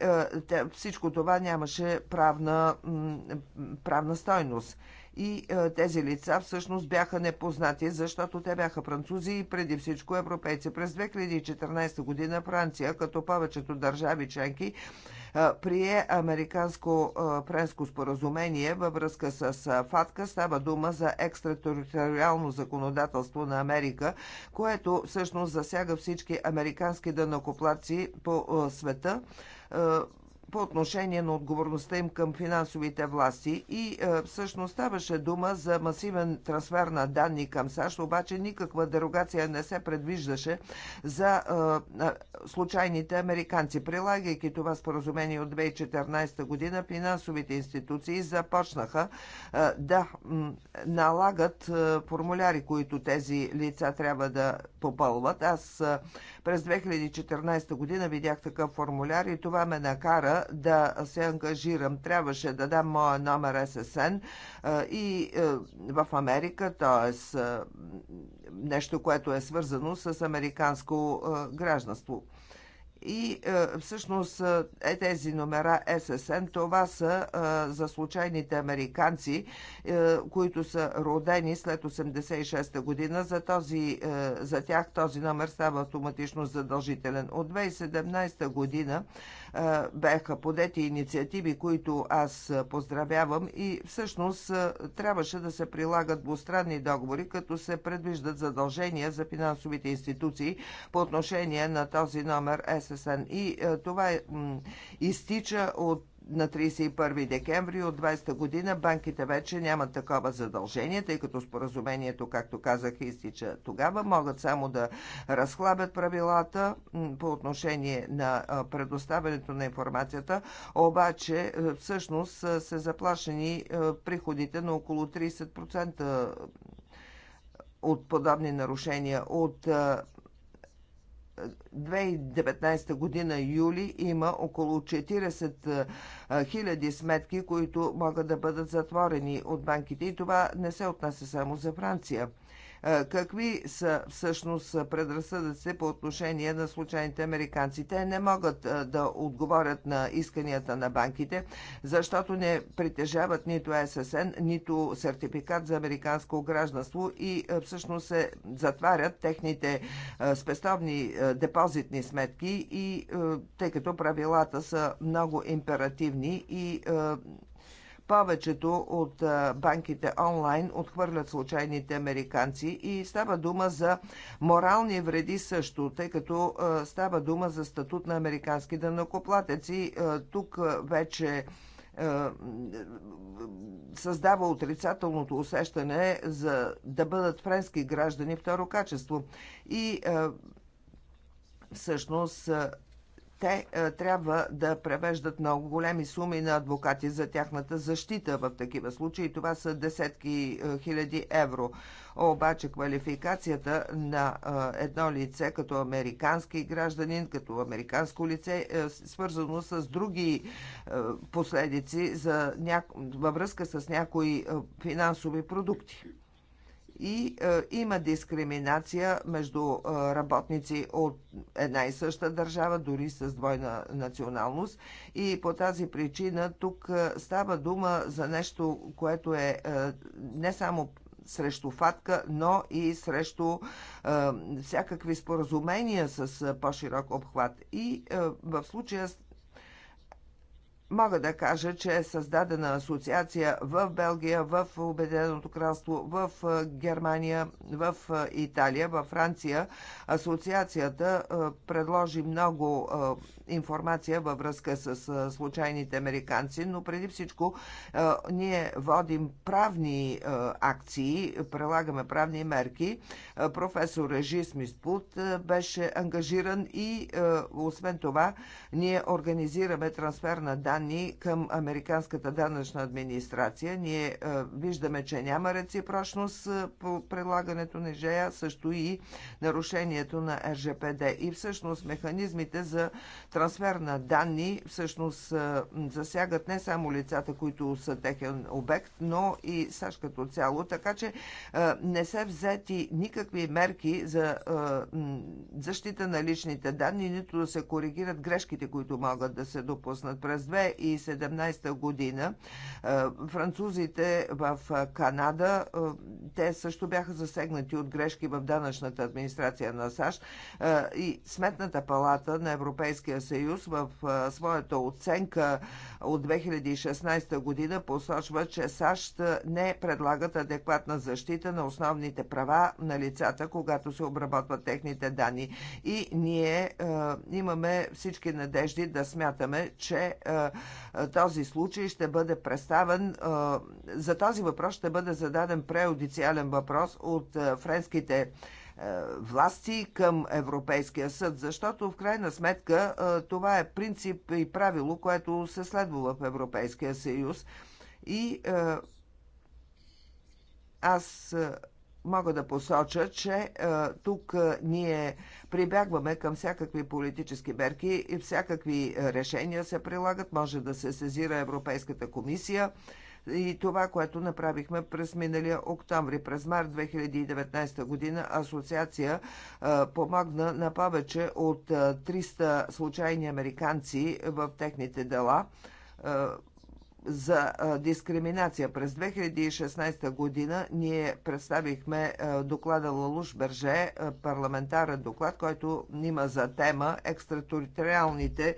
е, всичко това нямаше правна, правна стойност и а, е, тези лица всъщност бяха непознати, защото те бяха французи и преди всичко европейци. През 2014 година Франция, като повечето държави членки, е, прие американско-френско е, споразумение във връзка с ФАТКА. Става дума за екстратериториално законодателство на Америка, което всъщност засяга всички американски дънакоплаци по света по отношение на отговорността им към финансовите власти и е, всъщност ставаше дума за масивен трансфер на данни към САЩ, обаче никаква дерогация не се предвиждаше за е, е случайните американци. Прилагайки това споразумение от 2014 година, финансовите институции започнаха е, да налагат е, формуляри, които тези лица трябва да попълват. Аз е, през 2014 година видях такъв формуляр и това ме накара да се ангажирам. Трябваше да дам моя номер ССН и в Америка, т.е. нещо, което е свързано с американско гражданство. И всъщност е, тези номера ССН, това са за случайните американци, които са родени след 86-та година. За, този, за тях този номер става автоматично задължителен. От 2017 година бяха подети инициативи, които аз поздравявам и всъщност трябваше да се прилагат двустранни договори, като се предвиждат задължения за финансовите институции по отношение на този номер ССН. И това изтича от на 31 декември от 20 година банките вече нямат такова задължение, тъй като споразумението, както казах, изтича тогава. Могат само да разхлабят правилата по отношение на предоставянето на информацията, обаче всъщност са заплашени приходите на около 30% от подобни нарушения. От 2019 година юли има около 40 000 сметки, които могат да бъдат затворени от банките и това не се отнася само за Франция. Е, какви са всъщност предразсъдъците по отношение на случайните американци? Те не могат е, да отговорят на исканията на банките, защото не притежават нито ССН, нито сертификат за американско гражданство и е, всъщност се затварят техните спестовни депозитни сметки и тъй като правилата са много императивни и повечето от банките онлайн отхвърлят случайните американци и става дума за морални вреди също, тъй като става дума за статут на американски дънакоплатеци. Тук вече създава отрицателното усещане за да бъдат френски граждани второ качество. И всъщност те а, е, трябва да превеждат много големи суми на адвокати за тяхната защита в такива случаи. Това са десетки а, е, хиляди евро. Обаче квалификацията на а, е, едно лице като американски гражданин, като американско лице, е свързано с други е, последици за ня... във връзка с някои е, финансови продукти и е, има дискриминация между е, работници от една и съща държава, дори с двойна националност. И по тази причина тук е, става дума за нещо, което е, е не само срещу ФАТКА, но и срещу е, всякакви споразумения с е, по-широк обхват. И е, в случая Мога да кажа, че е създадена асоциация в Белгия, в Обединеното кралство, в Германия, в Италия, в Франция. Асоциацията предложи много информация във връзка с случайните американци, но преди всичко ние водим правни акции, прилагаме правни мерки. Професор Режи Смиспут беше ангажиран и освен това ние организираме трансфер на данни към Американската данъчна администрация. Ние виждаме, че няма реципрочност по прилагането на ЖЕЯ, също и нарушението на РЖПД. И всъщност механизмите за трансфер трансфер на данни всъщност засягат не само лицата, които са техен обект, но и САЩ като цяло. Така че не се взети никакви мерки за защита на личните данни, нито да се коригират грешките, които могат да се допуснат. През 2017 година французите в Канада, те също бяха засегнати от грешки в данъчната администрация на САЩ и Сметната палата на Европейския съюз в своята оценка от 2016 година посочва, че САЩ не предлагат адекватна защита на основните права на лицата, когато се обработват техните данни. И ние имаме всички надежди да смятаме, че този случай ще бъде представен. За този въпрос ще бъде зададен преодициален въпрос от френските е, власти, към Европейския съд, защото в крайна сметка е, това е принцип и правило, което се следва в Европейския съюз. И е, аз мога да посоча, че тук ние прибягваме към всякакви политически мерки и всякакви решения се прилагат. Може да се сезира Европейската комисия и това, което направихме през миналия октомври. През март 2019 година асоциация помогна на повече от 300 случайни американци в техните дела за дискриминация. През 2016 година ние представихме доклада Лалуш Берже, парламентарен доклад, който има за тема екстратериториалните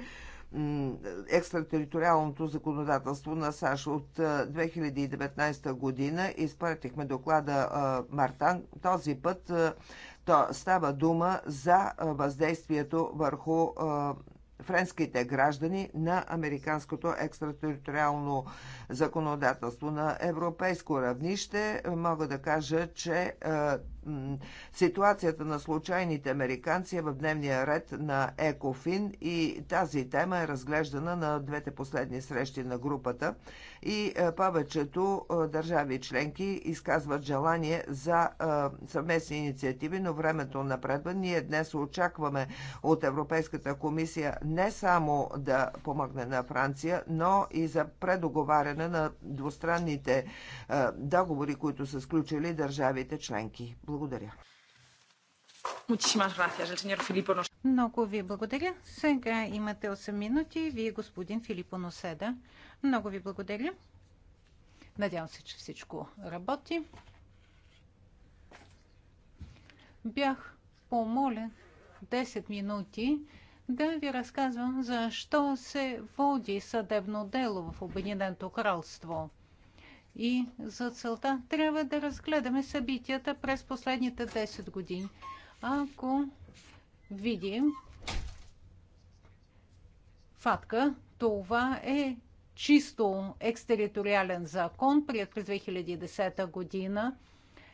екстратериториалното законодателство на САЩ от 2019 година. Изпратихме доклада Мартан. Този път то става дума за въздействието върху френските граждани на американското екстратериториално законодателство на европейско равнище. Мога да кажа, че ситуацията на случайните американци е в дневния ред на Екофин и тази тема е разглеждана на двете последни срещи на групата и е, повечето е, държави членки изказват желание за е, съвместни инициативи, но времето напредва. Ние днес очакваме от Европейската комисия не само да помогне на Франция, но и за предоговаряне на двустранните договори, които са сключили държавите членки. Благодаря. Много ви благодаря. Сега имате 8 минути. Вие, господин Филипо Носеда. Много ви благодаря. Надявам се, че всичко работи. Бях помолен 10 минути да ви разказвам защо се води съдебно дело в Обединеното кралство – и за целта трябва да разгледаме събитията през последните 10 години. Ако видим фатка, това е чисто екстериториален закон, прият през 2010 година,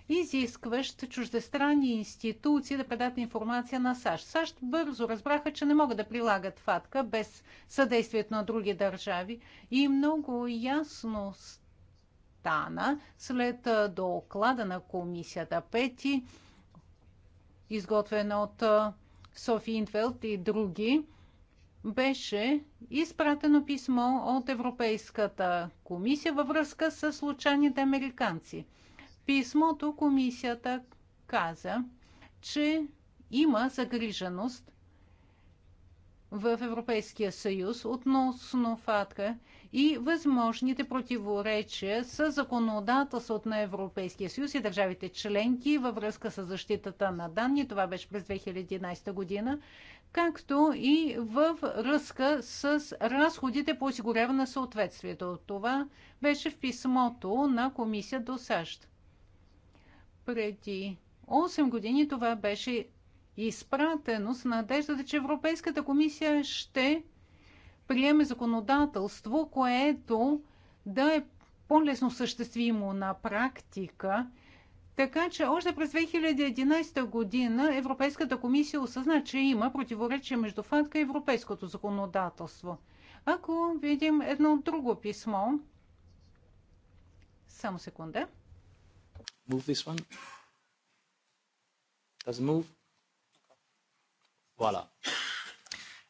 изискващ чуждестранни институции да предат информация на САЩ. САЩ бързо разбраха, че не могат да прилагат ФАТКА без съдействието на други държави и много ясно стана след доклада на комисията Пети, изготвен от Софи Инфелд и други, беше изпратено писмо от Европейската комисия във връзка с случайните американци. Писмото комисията каза, че има загриженост в Европейския съюз относно факта, и възможните противоречия с законодателството на Европейския съюз и държавите членки във връзка с защитата на данни. Това беше през 2011 година, както и във връзка с разходите по осигуряване на съответствието. Това беше в писмото на комисия до САЩ. Преди 8 години това беше изпратено с надеждата, че Европейската комисия ще приеме законодателство, което да е по-лесно съществимо на практика. Така че още през 2011 година Европейската комисия осъзна, че има противоречие между ФАТКА и европейското законодателство. Ако видим едно друго писмо, само секунда. Move this one. Does move? Voilà.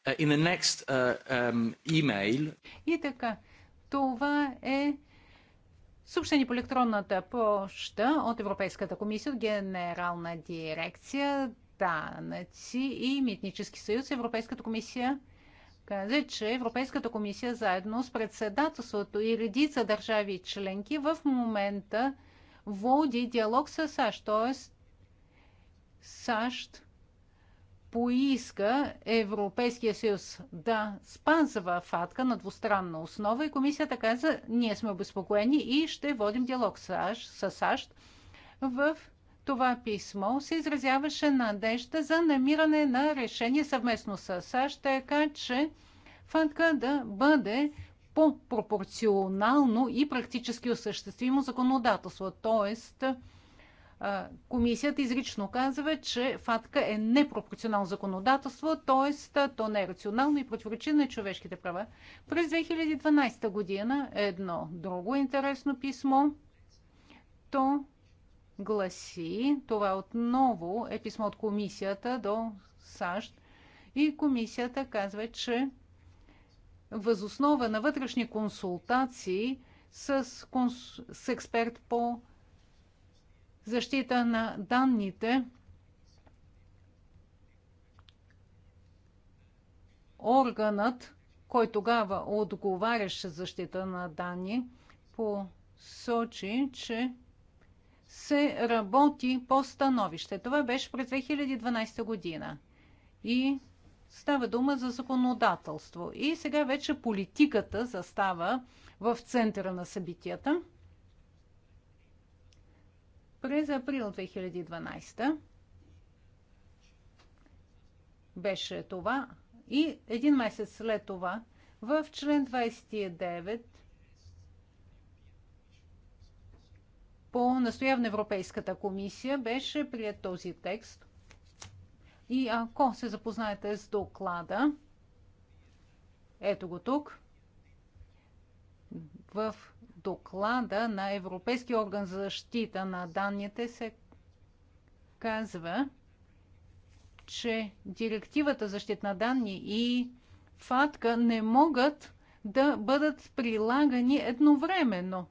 Uh, in the next uh, um, email. И така, това е съобщение по електронната поща от Европейската комисия, от Генерална дирекция данъци и митнически съюз. Европейската комисия каза, че Европейската комисия заедно с председателството и редица държави членки в момента води диалог с САЩ, т.е. САЩ поиска Европейския съюз да спазва фатка на двустранна основа и комисията каза, ние сме обезпокоени и ще водим диалог с САЩ. С САЩ. В това писмо се изразяваше надежда за намиране на решение съвместно с САЩ, така че фатка да бъде по-пропорционално и практически осъществимо законодателство. Тоест, комисията изрично казва, че ФАТКА е непропорционално законодателство, т.е. то не е рационално и противоречи на човешките права. През 2012 година едно друго интересно писмо, то гласи, това отново е писмо от комисията до САЩ и комисията казва, че възоснова на вътрешни консултации с, конс... с експерт по защита на данните, органът, който тогава отговаряше защита на данни, посочи, че се работи по становище. Това беше през 2012 година. И става дума за законодателство. И сега вече политиката застава в центъра на събитията. През април 2012 беше това и един месец след това в член 29 по настояване Европейската комисия беше прият този текст. И ако се запознаете с доклада, ето го тук, в доклада на Европейския орган за защита на данните се казва, че директивата защита на данни и ФАТКА не могат да бъдат прилагани едновременно.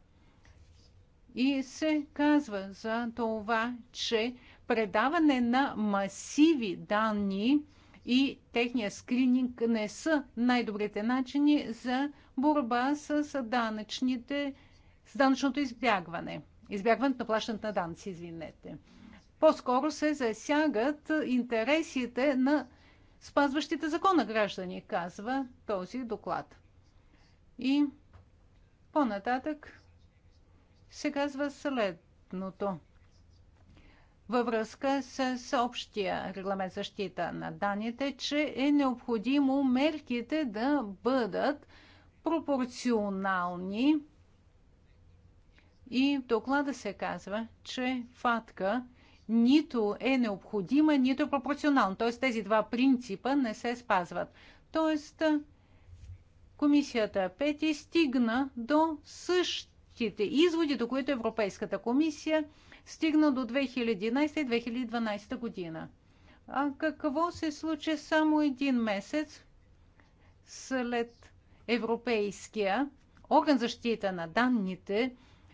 И се казва за това, че предаване на масиви данни и техния скрининг не са най-добрите начини за борба с данъчните, с данъчното избягване. Избягването на плащането на данъци, извинете. По-скоро се засягат интересите на спазващите закона граждани, казва този доклад. И по-нататък се казва следното. Във връзка с общия регламент защита на данните, че е необходимо мерките да бъдат пропорционални. И в доклада се казва, че фатка нито е необходима, нито е пропорционална. Т.е. тези два принципа не се спазват. Тоест, комисията Пети стигна до същите изводи, до които Европейската комисия стигна до 2011-2012 година. А какво се случи само един месец след Европейския орган защита на данните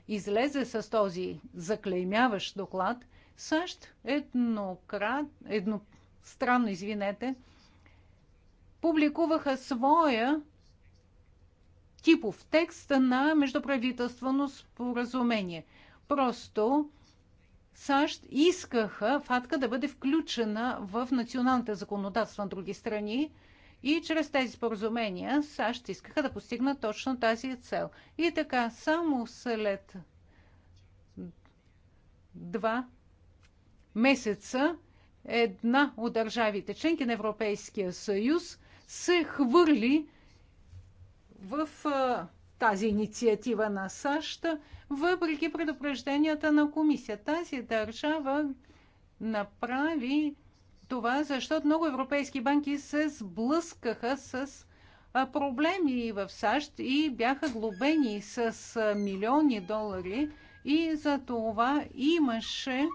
излезе с този заклеймяващ доклад, САЩ еднократ, странно извинете, публикуваха своя типов текст на междуправителствено споразумение. Просто САЩ искаха фатка да бъде включена в националните законодателства на други страни, и чрез тези споразумения САЩ искаха да постигнат точно тази цел. И така, само след два месеца една от държавите членки на Европейския съюз се хвърли в а, тази инициатива на САЩ, въпреки предупрежденията на комисия. Тази държава направи това, защото много европейски банки се сблъскаха с проблеми в САЩ и бяха глобени с милиони долари и за това имаше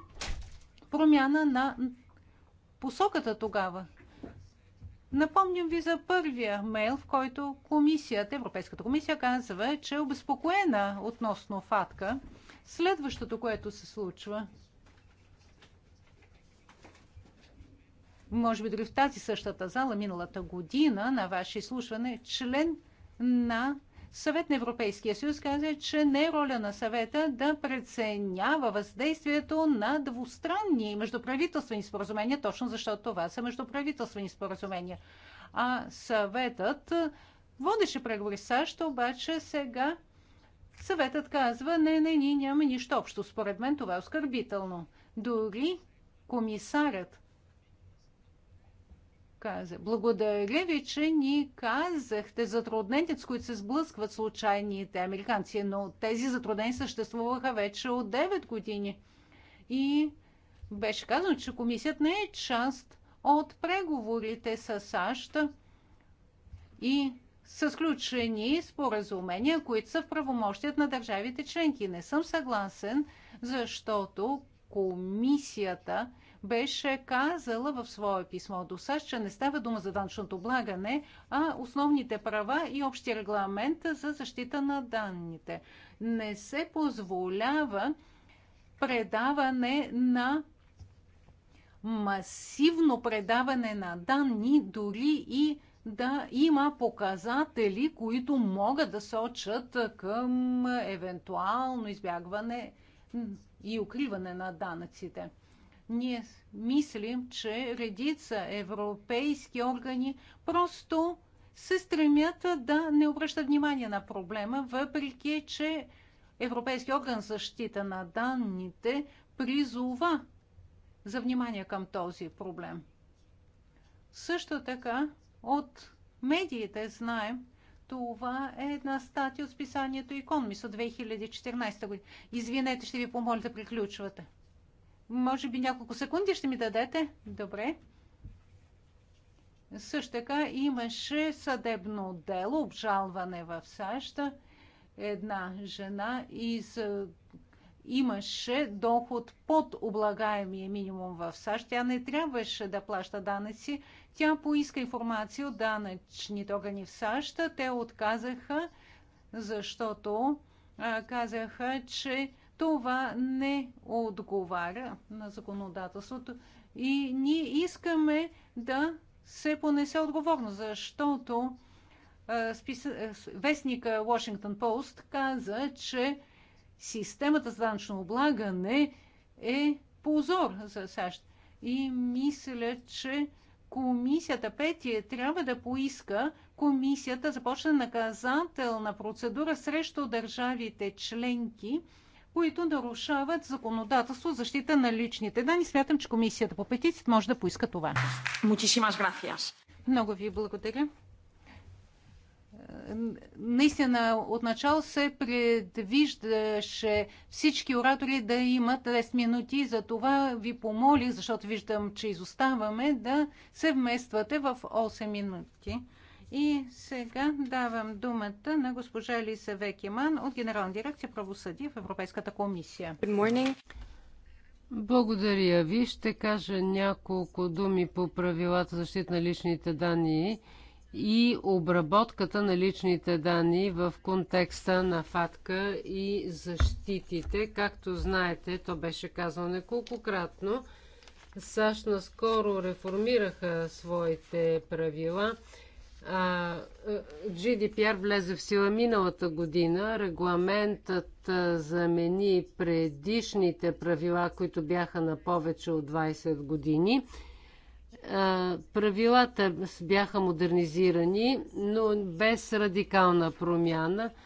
промяна на посоката тогава. Напомням ви за първия мейл, в който комисията, Европейската комисия казва, че е обезпокоена относно фатка. Следващото, което се случва – може би дори в тази същата зала миналата година на ваше изслушване, член на Съвет на Европейския съюз каза, че не е роля на съвета да преценява въздействието на двустранни междуправителствени споразумения, точно защото това са междуправителствени споразумения. А съветът водеше преговори с САЩ, обаче сега съветът казва, не, не, ние нямаме нищо общо. Според мен това е оскърбително. Дори комисарят каза. Благодаря ви, че ни казахте затрудненията, с които се сблъскват случайните американци, но тези затруднения съществуваха вече от 9 години. И беше казано, че комисията не е част от преговорите с САЩ и са сключени споразумения, които са в правомощият на държавите членки. Не съм съгласен, защото комисията беше казала в свое писмо до САЩ, че не става дума за данъчното облагане, а основните права и общи регламента за защита на данните. Не се позволява предаване на масивно предаване на данни, дори и да има показатели, които могат да сочат към евентуално избягване и укриване на данъците. Ние мислим, че редица европейски органи просто се стремят да не обръщат внимание на проблема, въпреки че Европейски орган защита на данните призова за внимание към този проблем. Също така от медиите знаем, това е една статия от списанието Икон, от 2014 година. Извинете, ще ви помоля да приключвате. Може би няколко секунди ще ми дадете? Добре. Също така имаше съдебно дело, обжалване в САЩ. Една жена из... имаше доход под облагаемия минимум в САЩ. Тя не трябваше да плаща данъци. Тя поиска информация от данъчните органи в САЩ. Те отказаха, защото казаха, че това не отговаря на законодателството и ние искаме да се понесе отговорност, защото вестника Washington Post каза, че системата за данъчно облагане е позор за САЩ. И мисля, че комисията Петия трябва да поиска комисията започне наказателна процедура срещу държавите членки, които нарушават законодателство защита на личните данни. Смятам, че комисията по петициите може да поиска това. Много ви благодаря. Наистина, отначало се предвиждаше всички оратори да имат 10 минути. За това ви помолих, защото виждам, че изоставаме, да се вмествате в 8 минути. И сега давам думата на госпожа Лиса Векиман от Генерална дирекция правосъдие в Европейската комисия. Благодаря ви. Ще кажа няколко думи по правилата за защита на личните данни и обработката на личните данни в контекста на ФАТКА и защитите. Както знаете, то беше казано неколкократно. САЩ наскоро реформираха своите правила GDPR влезе в сила миналата година. Регламентът замени предишните правила, които бяха на повече от 20 години. Правилата бяха модернизирани, но без радикална промяна –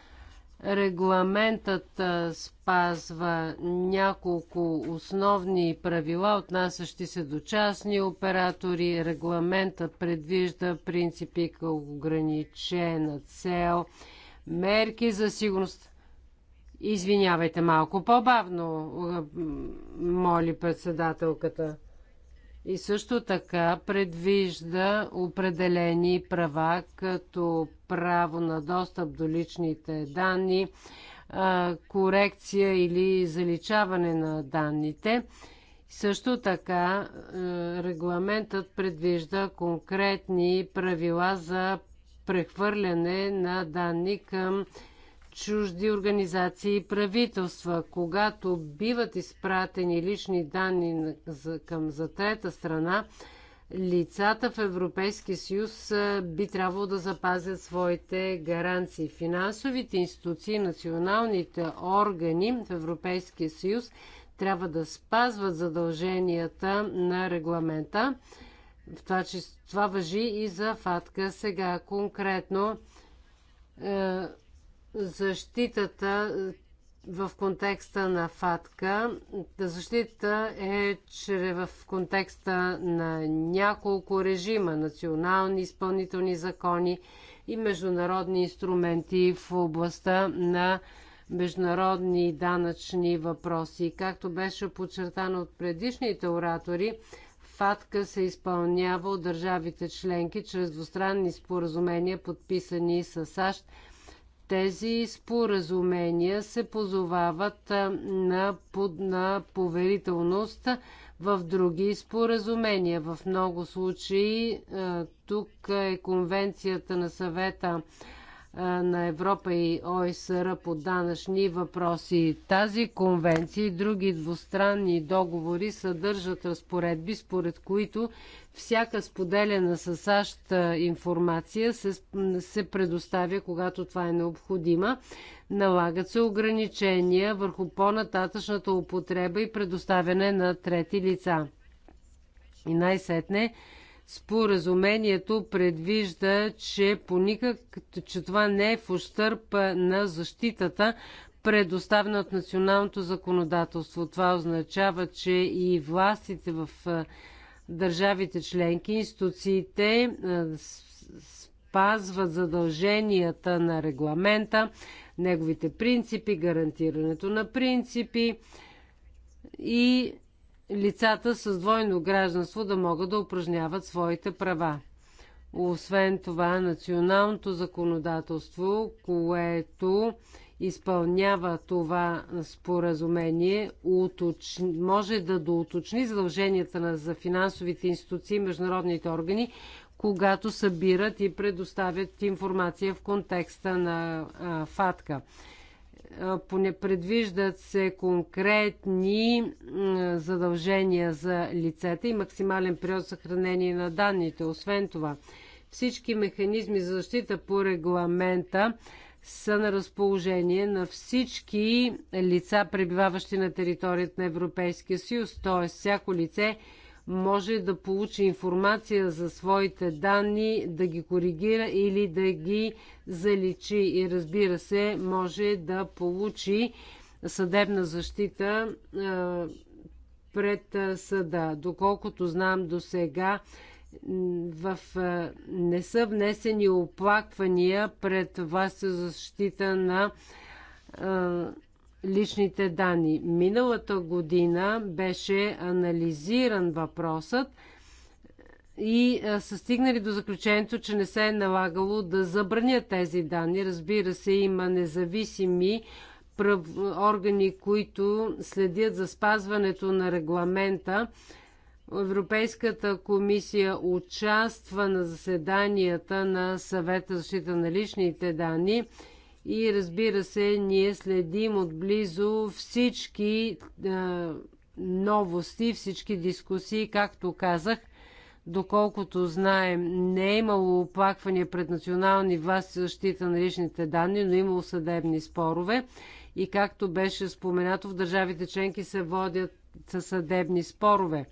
Регламентът спазва няколко основни правила, отнасящи се до частни оператори. Регламентът предвижда принципи към ограничена цел, мерки за сигурност. Извинявайте малко по-бавно, моли председателката. И също така предвижда определени права, като право на достъп до личните данни, корекция или заличаване на данните. Също така регламентът предвижда конкретни правила за прехвърляне на данни към чужди организации и правителства. Когато биват изпратени лични данни към за трета страна, лицата в Европейския съюз би трябвало да запазят своите гаранции. Финансовите институции, националните органи в Европейския съюз трябва да спазват задълженията на регламента. това, че това въжи и за ФАТКА. Сега конкретно е, защитата е, в контекста на ФАТКА. Защита е че в контекста на няколко режима, национални изпълнителни закони и международни инструменти в областта на международни данъчни въпроси. Както беше подчертано от предишните оратори, ФАТКА се изпълнява от държавите членки чрез двустранни споразумения, подписани с САЩ – тези споразумения се позовават на, под, на поверителност в други споразумения. В много случаи тук е Конвенцията на съвета на Европа и ОСР по данъчни въпроси. Тази конвенция и други двустранни договори съдържат разпоредби, според които всяка споделена с САЩ информация се, се предоставя, когато това е необходимо. Налагат се ограничения върху по-нататъчната употреба и предоставяне на трети лица. И най-сетне Споразумението предвижда, че, по никак, че това не е в ущърп на защитата, предоставена от националното законодателство. Това означава, че и властите в държавите членки, институциите спазват задълженията на регламента, неговите принципи, гарантирането на принципи и лицата с двойно гражданство да могат да упражняват своите права. Освен това, националното законодателство, което изпълнява това споразумение, може да доуточни задълженията на... за финансовите институции и международните органи, когато събират и предоставят информация в контекста на а, ФАТКА поне предвиждат се конкретни задължения за лицета и максимален период за на данните. Освен това, всички механизми за защита по регламента са на разположение на всички лица, пребиваващи на територията на Европейския съюз, т.е. всяко лице – може да получи информация за своите данни, да ги коригира или да ги заличи и разбира се, може да получи съдебна защита пред съда. Доколкото знам до сега, в, не са внесени оплаквания пред вас за защита на личните данни. Миналата година беше анализиран въпросът и са стигнали до заключението, че не се е налагало да забранят тези данни. Разбира се, има независими органи, които следят за спазването на регламента. Европейската комисия участва на заседанията на съвета за защита на личните данни и разбира се, ние следим отблизо всички е, новости, всички дискусии, както казах. Доколкото знаем, не е имало оплаквания пред национални власти за защита на личните данни, но е имало съдебни спорове. И както беше споменато, в държавите членки се водят със съдебни спорове.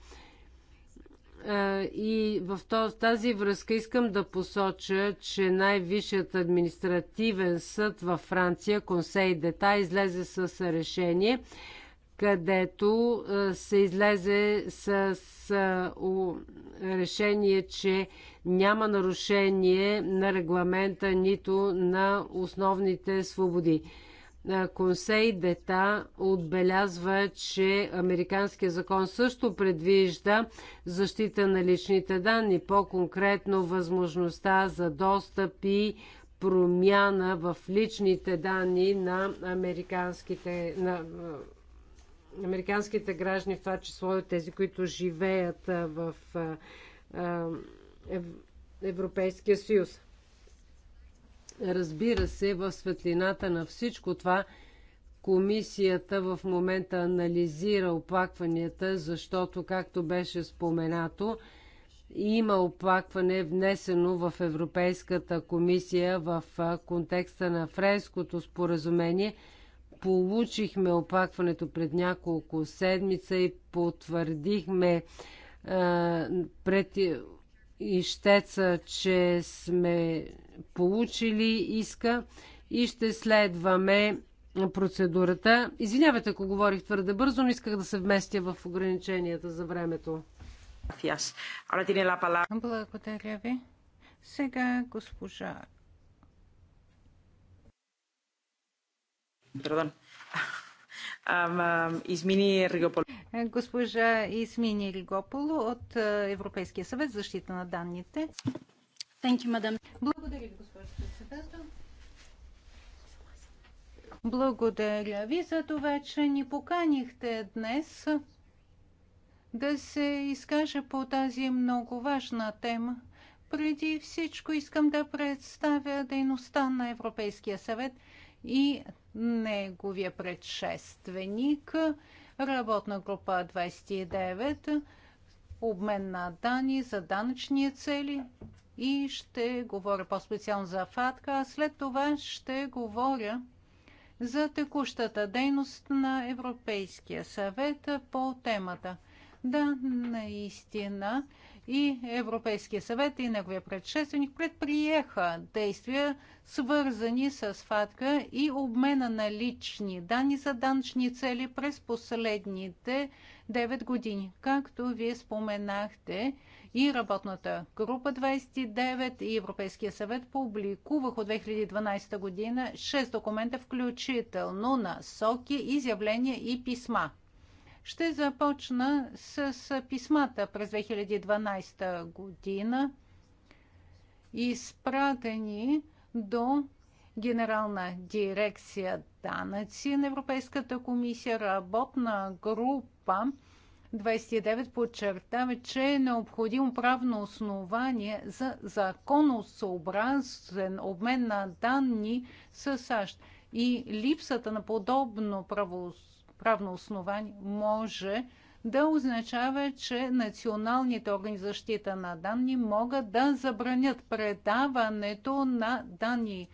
И в тази връзка искам да посоча, че най-висшият административен съд във Франция, Консей Дета, излезе с решение, където се излезе с решение, че няма нарушение на регламента нито на основните свободи. Консей Дета отбелязва, че Американския закон също предвижда защита на личните данни, по-конкретно възможността за достъп и промяна в личните данни на американските, на, американските граждани, в това число и тези, които живеят в Европейския съюз. Разбира се, в светлината на всичко това, комисията в момента анализира оплакванията, защото, както беше споменато, има оплакване внесено в Европейската комисия в контекста на френското споразумение. Получихме оплакването пред няколко седмица и потвърдихме а, пред ищеца, че сме получили иска и ще следваме процедурата. Извинявайте, ако говорих твърде бързо, но исках да се вместя в ограниченията за времето. Благодаря ви. Сега госпожа. Perdón. Измини Ригополо. Госпожа Измини Ригополо от е, Европейския съвет за защита на данните. You, Благодаря ви, госпожо председател. Благодаря ви за това, че ни поканихте днес да се изкаже по тази много важна тема. Преди всичко искам да представя дейността на Европейския съвет и неговия предшественик, работна група 29, обмен на данни за данъчни цели, и ще говоря по-специално за ФАТКА, а след това ще говоря за текущата дейност на Европейския съвет по темата. Да, наистина и Европейския съвет и неговия предшественик предприеха действия, свързани с ФАТКА и обмена на лични данни за данъчни цели през последните 9 години. Както вие споменахте, и работната група 29 и Европейския съвет публикуваха от 2012 година 6 документа, включително насоки, изявления и писма. Ще започна с писмата през 2012 година, изпратени до Генерална дирекция данъци на Европейската комисия, работна група 29 подчертава, че е необходимо правно основание за законосъобразен обмен на данни с САЩ. И липсата на подобно право, правно основание може да означава, че националните органи за защита на данни могат да забранят предаването на данни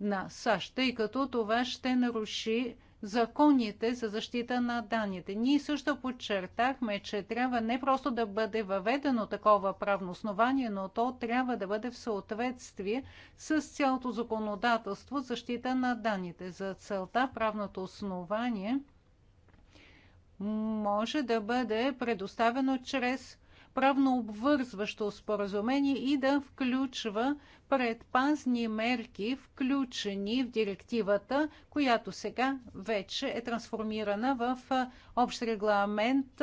на САЩ, тъй като това ще наруши законите за защита на данните. Ние също подчертахме, че трябва не просто да бъде въведено такова правно основание, но то трябва да бъде в съответствие с цялото законодателство защита на данните. За целта правното основание може да бъде предоставено чрез правно обвързващо споразумение и да включва предпазни мерки, включени в директивата, която сега вече е трансформирана в общ регламент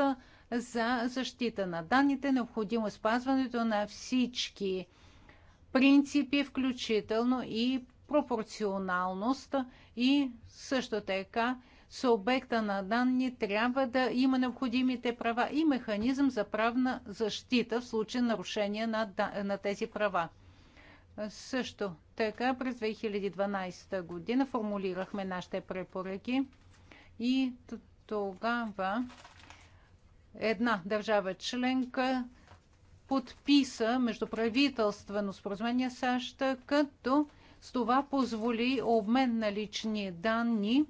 за защита на данните. Необходимо е спазването на всички принципи, включително и пропорционалност и също така субекта на данни трябва да има необходимите права и механизъм за правна защита в случай нарушение на, на тези права. Също така през 2012 година формулирахме нашите препоръки и тогава една държава членка подписа междуправителствено споразумение САЩ, като с това позволи обмен на лични данни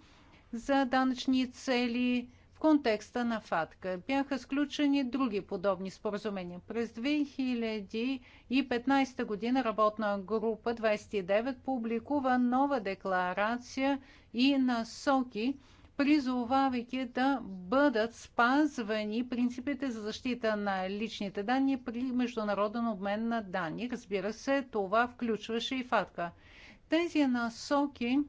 за данъчни цели в контекста на ФАТКА. Бяха сключени други подобни споразумения. През 2015 година работна група 29 публикува нова декларация и насоки, призовавайки да бъдат спазвани принципите за защита на личните данни при международен обмен на данни. Разбира се, това включваше и ФАТКА. Тези насоки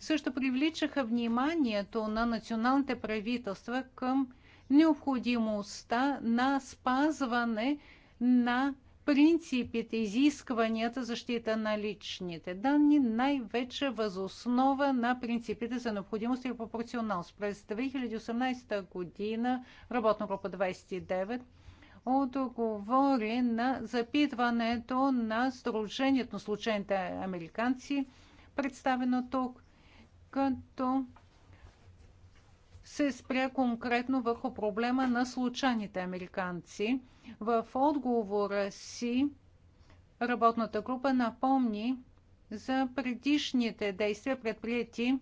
също привличаха вниманието на националните правителства към необходимостта на спазване на принципите, изискванията защита на личните данни, най-вече възоснова на принципите за необходимост и пропорционалност. През 2018 година работна група 29 отговори на запитването на Сдружението на случайните американци, представено тук като се спря конкретно върху проблема на случайните американци. В отговора си работната група напомни за предишните действия предприяти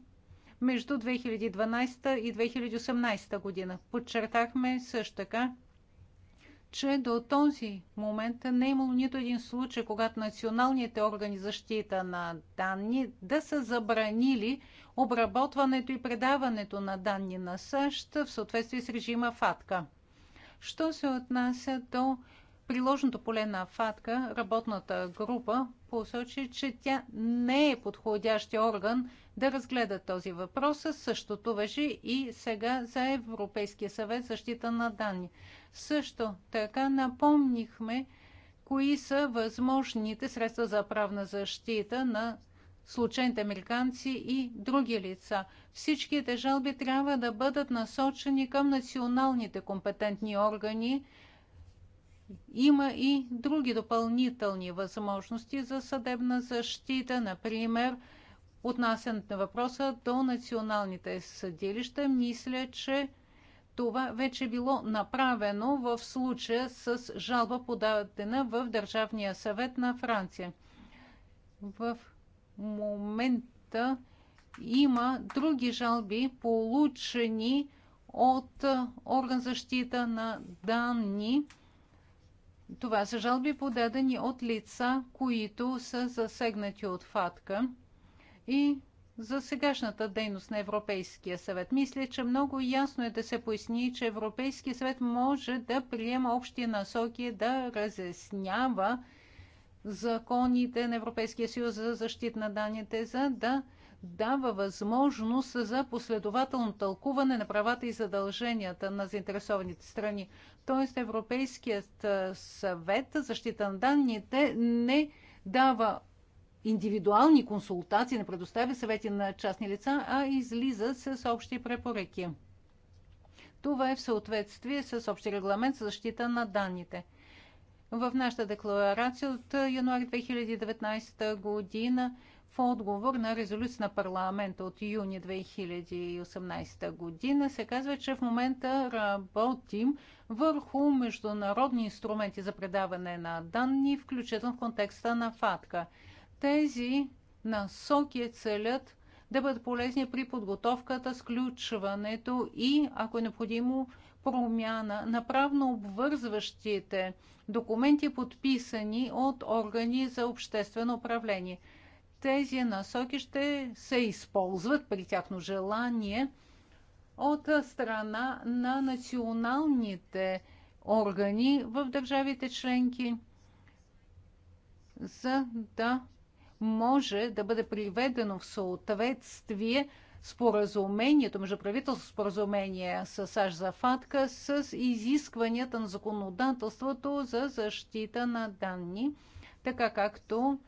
между 2012 и 2018 година. Подчертахме също така, че до този момент не е имало нито един случай, когато националните органи защита на данни да са забранили обработването и предаването на данни на САЩ в съответствие с режима ФАТКА. Що се отнася до приложното поле на ФАТКА, работната група посочи, че тя не е подходящ орган да разгледа този въпрос. Същото въжи и сега за Европейския съвет защита на данни. Също така напомнихме, кои са възможните средства за правна защита на случайните американци и други лица. Всичките жалби трябва да бъдат насочени към националните компетентни органи. Има и други допълнителни възможности за съдебна защита, например, отнасянето на въпроса до националните съдилища. Мисля, че това вече било направено в случая с жалба подадена в Държавния съвет на Франция. В момента има други жалби, получени от орган защита на данни. Това са жалби подадени от лица, които са засегнати от фатка. И за сегашната дейност на Европейския съвет. Мисля, че много ясно е да се поясни, че Европейския съвет може да приема общи насоки, да разяснява законите на Европейския съюз за защита на данните, за да дава възможност за последователно тълкуване на правата и задълженията на заинтересованите страни. Тоест Европейският съвет защита на данните не дава индивидуални консултации, не предоставя съвети на частни лица, а излиза с общи препоръки. Това е в съответствие с общи регламент за защита на данните. В нашата декларация от януари 2019 година в отговор на резолюция на парламента от юни 2018 година се казва, че в момента работим върху международни инструменти за предаване на данни, включително в контекста на ФАТКА. Тези насоки целят да бъдат полезни при подготовката, сключването и, ако е необходимо, промяна на правно обвързващите документи, подписани от органи за обществено управление. Тези насоки ще се използват при тяхно желание от страна на националните органи в държавите членки, за да може да бъде приведено в съответствие споразумението, междуправителство споразумение с САЩ за ФАТКА с изискванията на законодателството за защита на данни, така както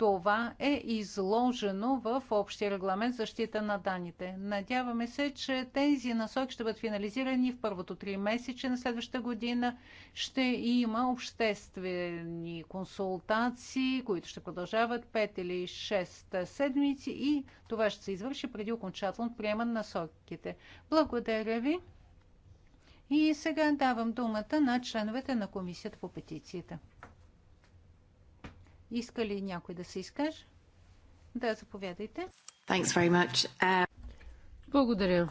това е изложено в общия регламент защита на данните. Надяваме се, че тези насоки ще бъдат финализирани в първото три месече на следващата година. Ще има обществени консултации, които ще продължават 5 или 6 седмици и това ще се извърши преди окончателно приема на насоките. Благодаря ви. И сега давам думата на членовете на Комисията по петициите. Иска ли някой да се изкаже? Да, заповядайте. Thanks very much. Uh, Благодаря.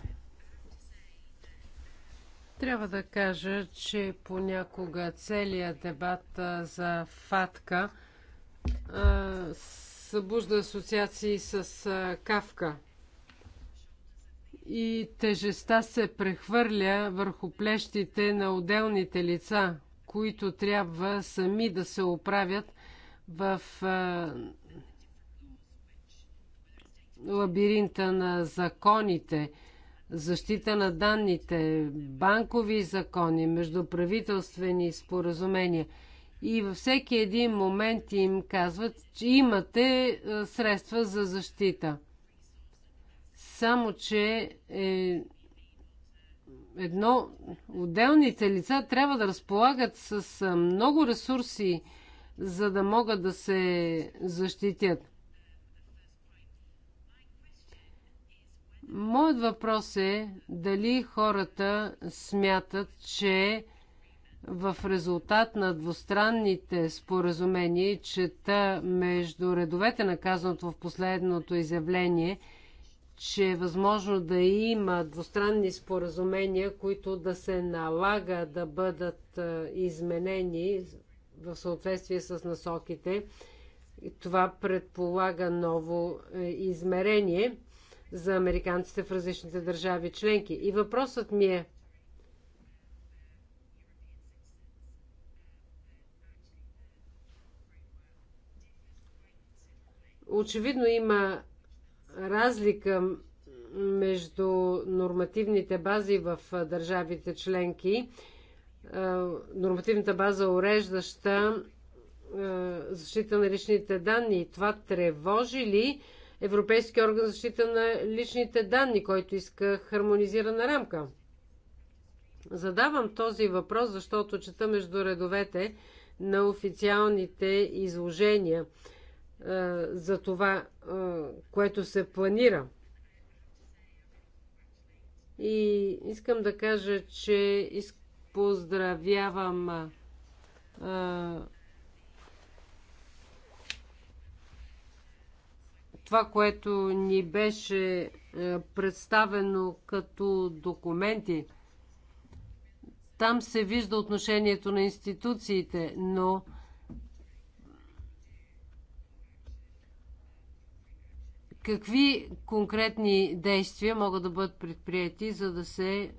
Трябва да кажа, че понякога целият дебат за фатка събужда асоциации с кавка. И тежеста се прехвърля върху плещите на отделните лица, които трябва сами да се оправят в лабиринта на законите, защита на данните, банкови закони, междуправителствени споразумения. И във всеки един момент им казват, че имате средства за защита. Само, че е, едно отделните лица трябва да разполагат с много ресурси, за да могат да се защитят. Моят въпрос е дали хората смятат, че в резултат на двустранните споразумения, чета между редовете наказаното в последното изявление, че е възможно да има двустранни споразумения, които да се налага да бъдат изменени в съответствие с насоките. Това предполага ново е, измерение за американците в различните държави членки. И въпросът ми е, очевидно има разлика между нормативните бази в държавите членки нормативната база, уреждаща защита на личните данни. И това тревожи ли Европейски орган за защита на личните данни, който иска хармонизирана рамка? Задавам този въпрос, защото чета между редовете на официалните изложения за това, което се планира. И искам да кажа, че Поздравявам а, това, което ни беше представено като документи. Там се вижда отношението на институциите, но какви конкретни действия могат да бъдат предприяти, за да се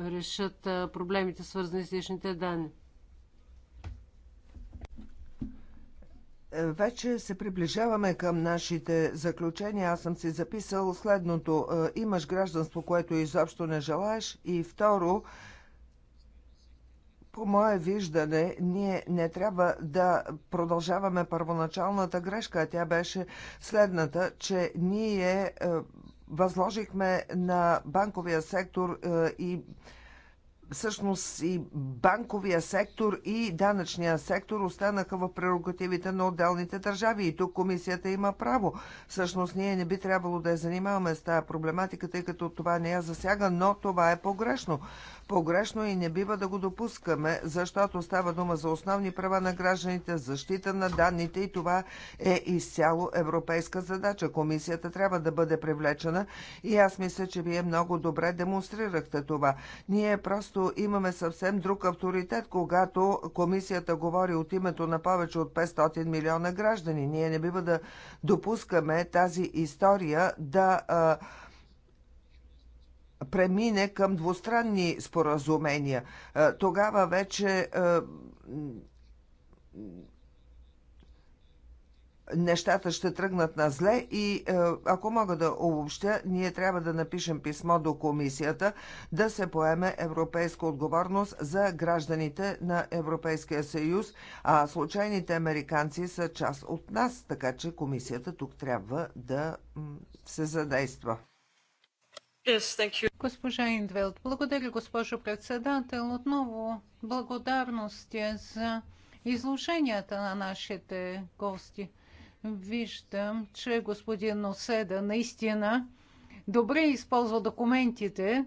решат проблемите, свързани с личните данни? Е, вече се приближаваме към нашите заключения. Аз съм си записал следното. Е, имаш гражданство, което изобщо не желаеш. И второ, по мое виждане, ние не трябва да продължаваме първоначалната грешка. Тя беше следната, че ние е, възложихме на банковия сектор е, и всъщност и банковия сектор и данъчния сектор останаха в прерогативите на отделните държави. И тук комисията има право. Всъщност ние не би трябвало да я занимаваме с тази проблематика, тъй като това не я засяга, но това е погрешно погрешно и не бива да го допускаме, защото става дума за основни права на гражданите, защита на данните и това е изцяло европейска задача. Комисията трябва да бъде привлечена и аз мисля, че вие много добре демонстрирахте това. Ние просто имаме съвсем друг авторитет, когато комисията говори от името на повече от 500 милиона граждани. Ние не бива да допускаме тази история да премине към двустранни споразумения. Е, тогава вече е, нещата ще тръгнат на зле и е, ако мога да обобщя, ние трябва да напишем писмо до комисията да се поеме европейска отговорност за гражданите на Европейския съюз, а случайните американци са част от нас, така че комисията тук трябва да се задейства. Госпожа Индвелт, благодаря, госпожо председател. Отново благодарности е за изложенията на нашите гости. Виждам, че господин Оседа наистина добре използва документите,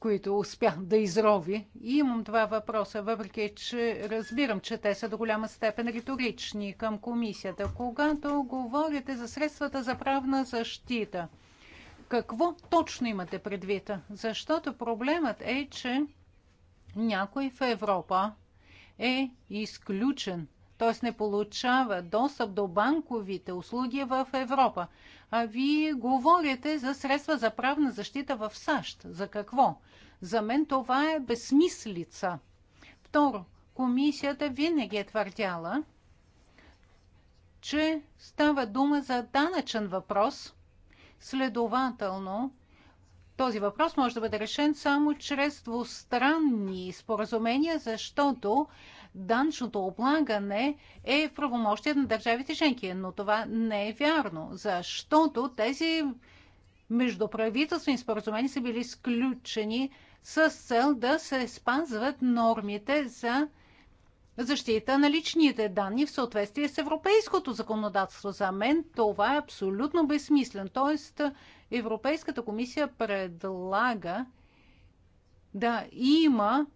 които успя да изрови. И имам два въпроса, въпреки че разбирам, че те са до голяма степен риторични към комисията. Когато говорите за средствата за правна защита – какво точно имате предвид? Защото проблемът е, че някой в Европа е изключен, т.е. не получава достъп до банковите услуги в Европа. А вие говорите за средства за правна защита в САЩ. За какво? За мен това е безсмислица. Второ, комисията винаги е твърдяла, че става дума за данъчен въпрос – Следователно, този въпрос може да бъде решен само чрез двустранни споразумения, защото данчното облагане е в правомощие на държавите членки. Но това не е вярно, защото тези междуправителствени споразумения са били сключени с цел да се спазват нормите за защита на личните данни в съответствие с европейското законодателство. За мен това е абсолютно безсмислен. Тоест, Европейската комисия предлага да има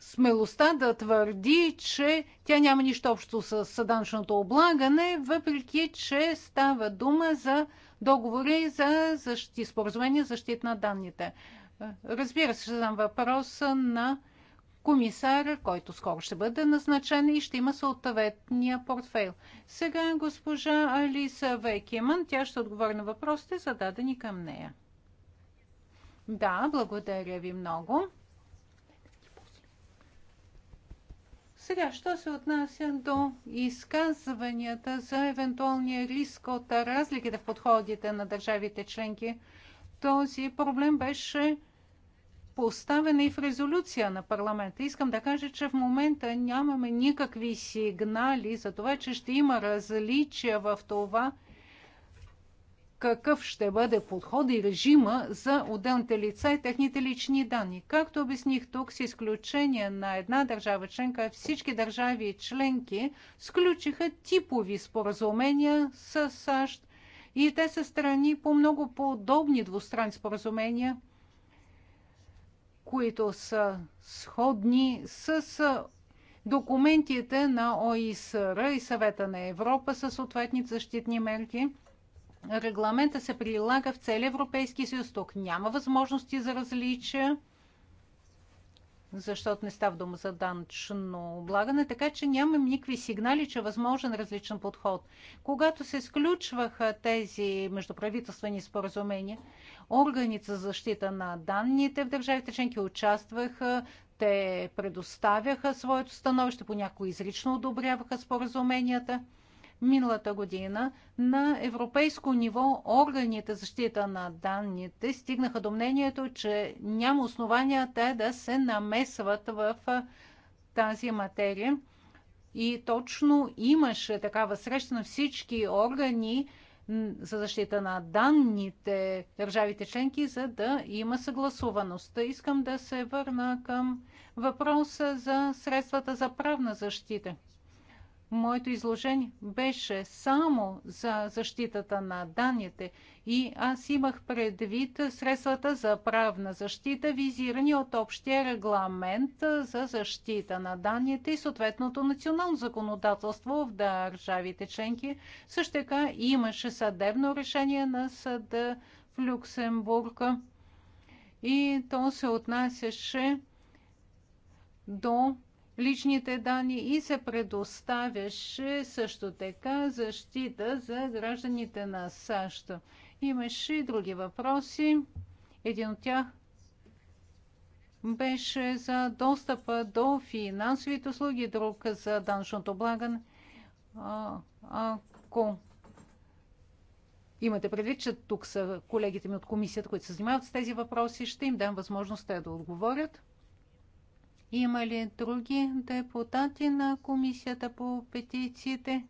смелостта да твърди, че тя няма нищо общо с данъчното облагане, въпреки че става дума за договори за защит, споразумение за защита на данните. Разбира се, ще дам въпроса на комисар, който скоро ще бъде назначен и ще има съответния портфейл. Сега госпожа Алиса Векиман, тя ще отговори на въпросите, зададени към нея. Да, благодаря ви много. Сега, що се отнася до изказванията за евентуалния риск от разликите в подходите на държавите членки, този проблем беше поставена и в резолюция на парламента. Искам да кажа, че в момента нямаме никакви сигнали за това, че ще има различия в това, какъв ще бъде подход и режима за отделните лица и техните лични данни. Както обясних тук, с изключение на една държава членка, всички държави и членки сключиха типови споразумения с САЩ и те са страни по много подобни двустранни споразумения – които са сходни с документите на ОИСР и Съвета на Европа със съответни защитни мерки. Регламента се прилага в целия Европейски съюз. Тук няма възможности за различия защото не става дума за данъчно облагане, така че нямам никакви сигнали, че е възможен различен подход. Когато се сключваха тези междуправителствени споразумения, органите за защита на данните в държавите членки участваха, те предоставяха своето становище, понякога изрично одобряваха споразуменията – миналата година на европейско ниво органите защита на данните стигнаха до мнението, че няма основания те да се намесват в тази материя. И точно имаше такава среща на всички органи за защита на данните държавите членки, за да има съгласуваност. Искам да се върна към въпроса за средствата за правна защита моето изложение беше само за защитата на данните и аз имах предвид средствата за правна защита, визирани от общия регламент за защита на данните и съответното национално законодателство в държавите членки. Също така имаше съдебно решение на съда в Люксембург и то се отнасяше до личните данни и се предоставяше също така защита за гражданите на САЩ. Имаше и други въпроси. Един от тях беше за достъпа до финансовите услуги, друг за данъчното облагане. Ако имате предвид, че тук са колегите ми от комисията, които се занимават с тези въпроси, ще им дам възможност те да отговорят. Има ли други депутати на комисията по петициите?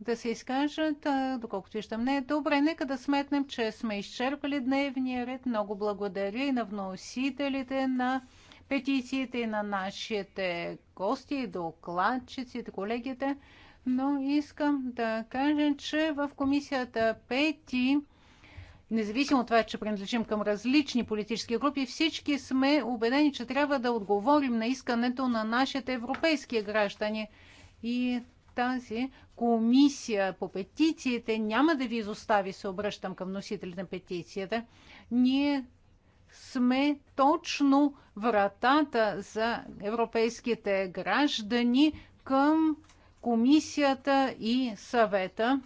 Да се изкажат, доколкото виждам не. Е добре, нека да сметнем, че сме изчерпали дневния ред. Много благодаря и на вносителите на петициите, и на нашите гости, и докладчиците, колегите но искам да кажа, че в комисията Пети независимо от това, че принадлежим към различни политически групи, всички сме убедени, че трябва да отговорим на искането на нашите европейски граждани. И тази комисия по петициите няма да ви изостави, се обръщам към носителите на петицията. Ние сме точно вратата за европейските граждани към комисията и съвета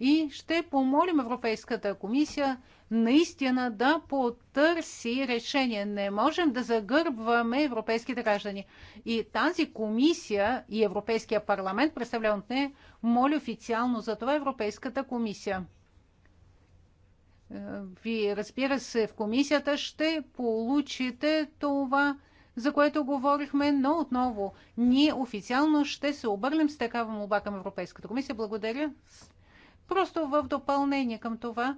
и ще помолим Европейската комисия наистина да потърси решение. Не можем да загърбваме европейските граждани. И тази комисия и Европейския парламент, представлявам от нея, моля официално за това Европейската комисия. Вие, разбира се, в комисията ще получите това, за което говорихме, но отново ние официално ще се обърнем с такава молба към Европейската комисия. Благодаря. Просто в допълнение към това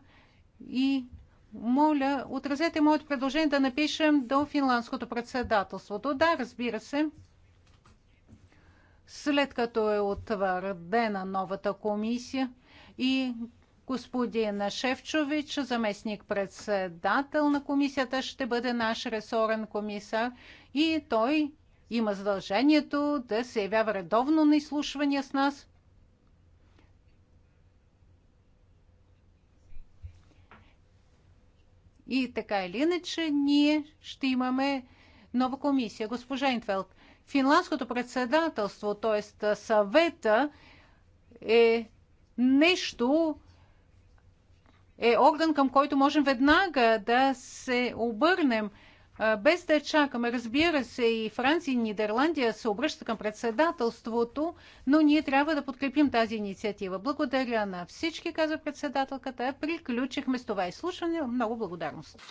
и моля, отразете моето предложение да напишем до финландското председателство. да, разбира се, след като е утвърдена новата комисия и господин Шевчович, заместник председател на комисията, ще бъде наш ресорен комисар и той има задължението да се явява редовно на изслушвания с нас. И така или иначе, ние ще имаме нова комисия. Госпожа Интвелд, финландското председателство, т.е. съвета, е нещо, е орган, към който можем веднага да се обърнем – без да чакаме. Разбира се, и Франция и Нидерландия се обръща към председателството, но ние трябва да подкрепим тази инициатива. Благодаря на всички, каза председателката. Приключихме с това изслушване. Много благодарност.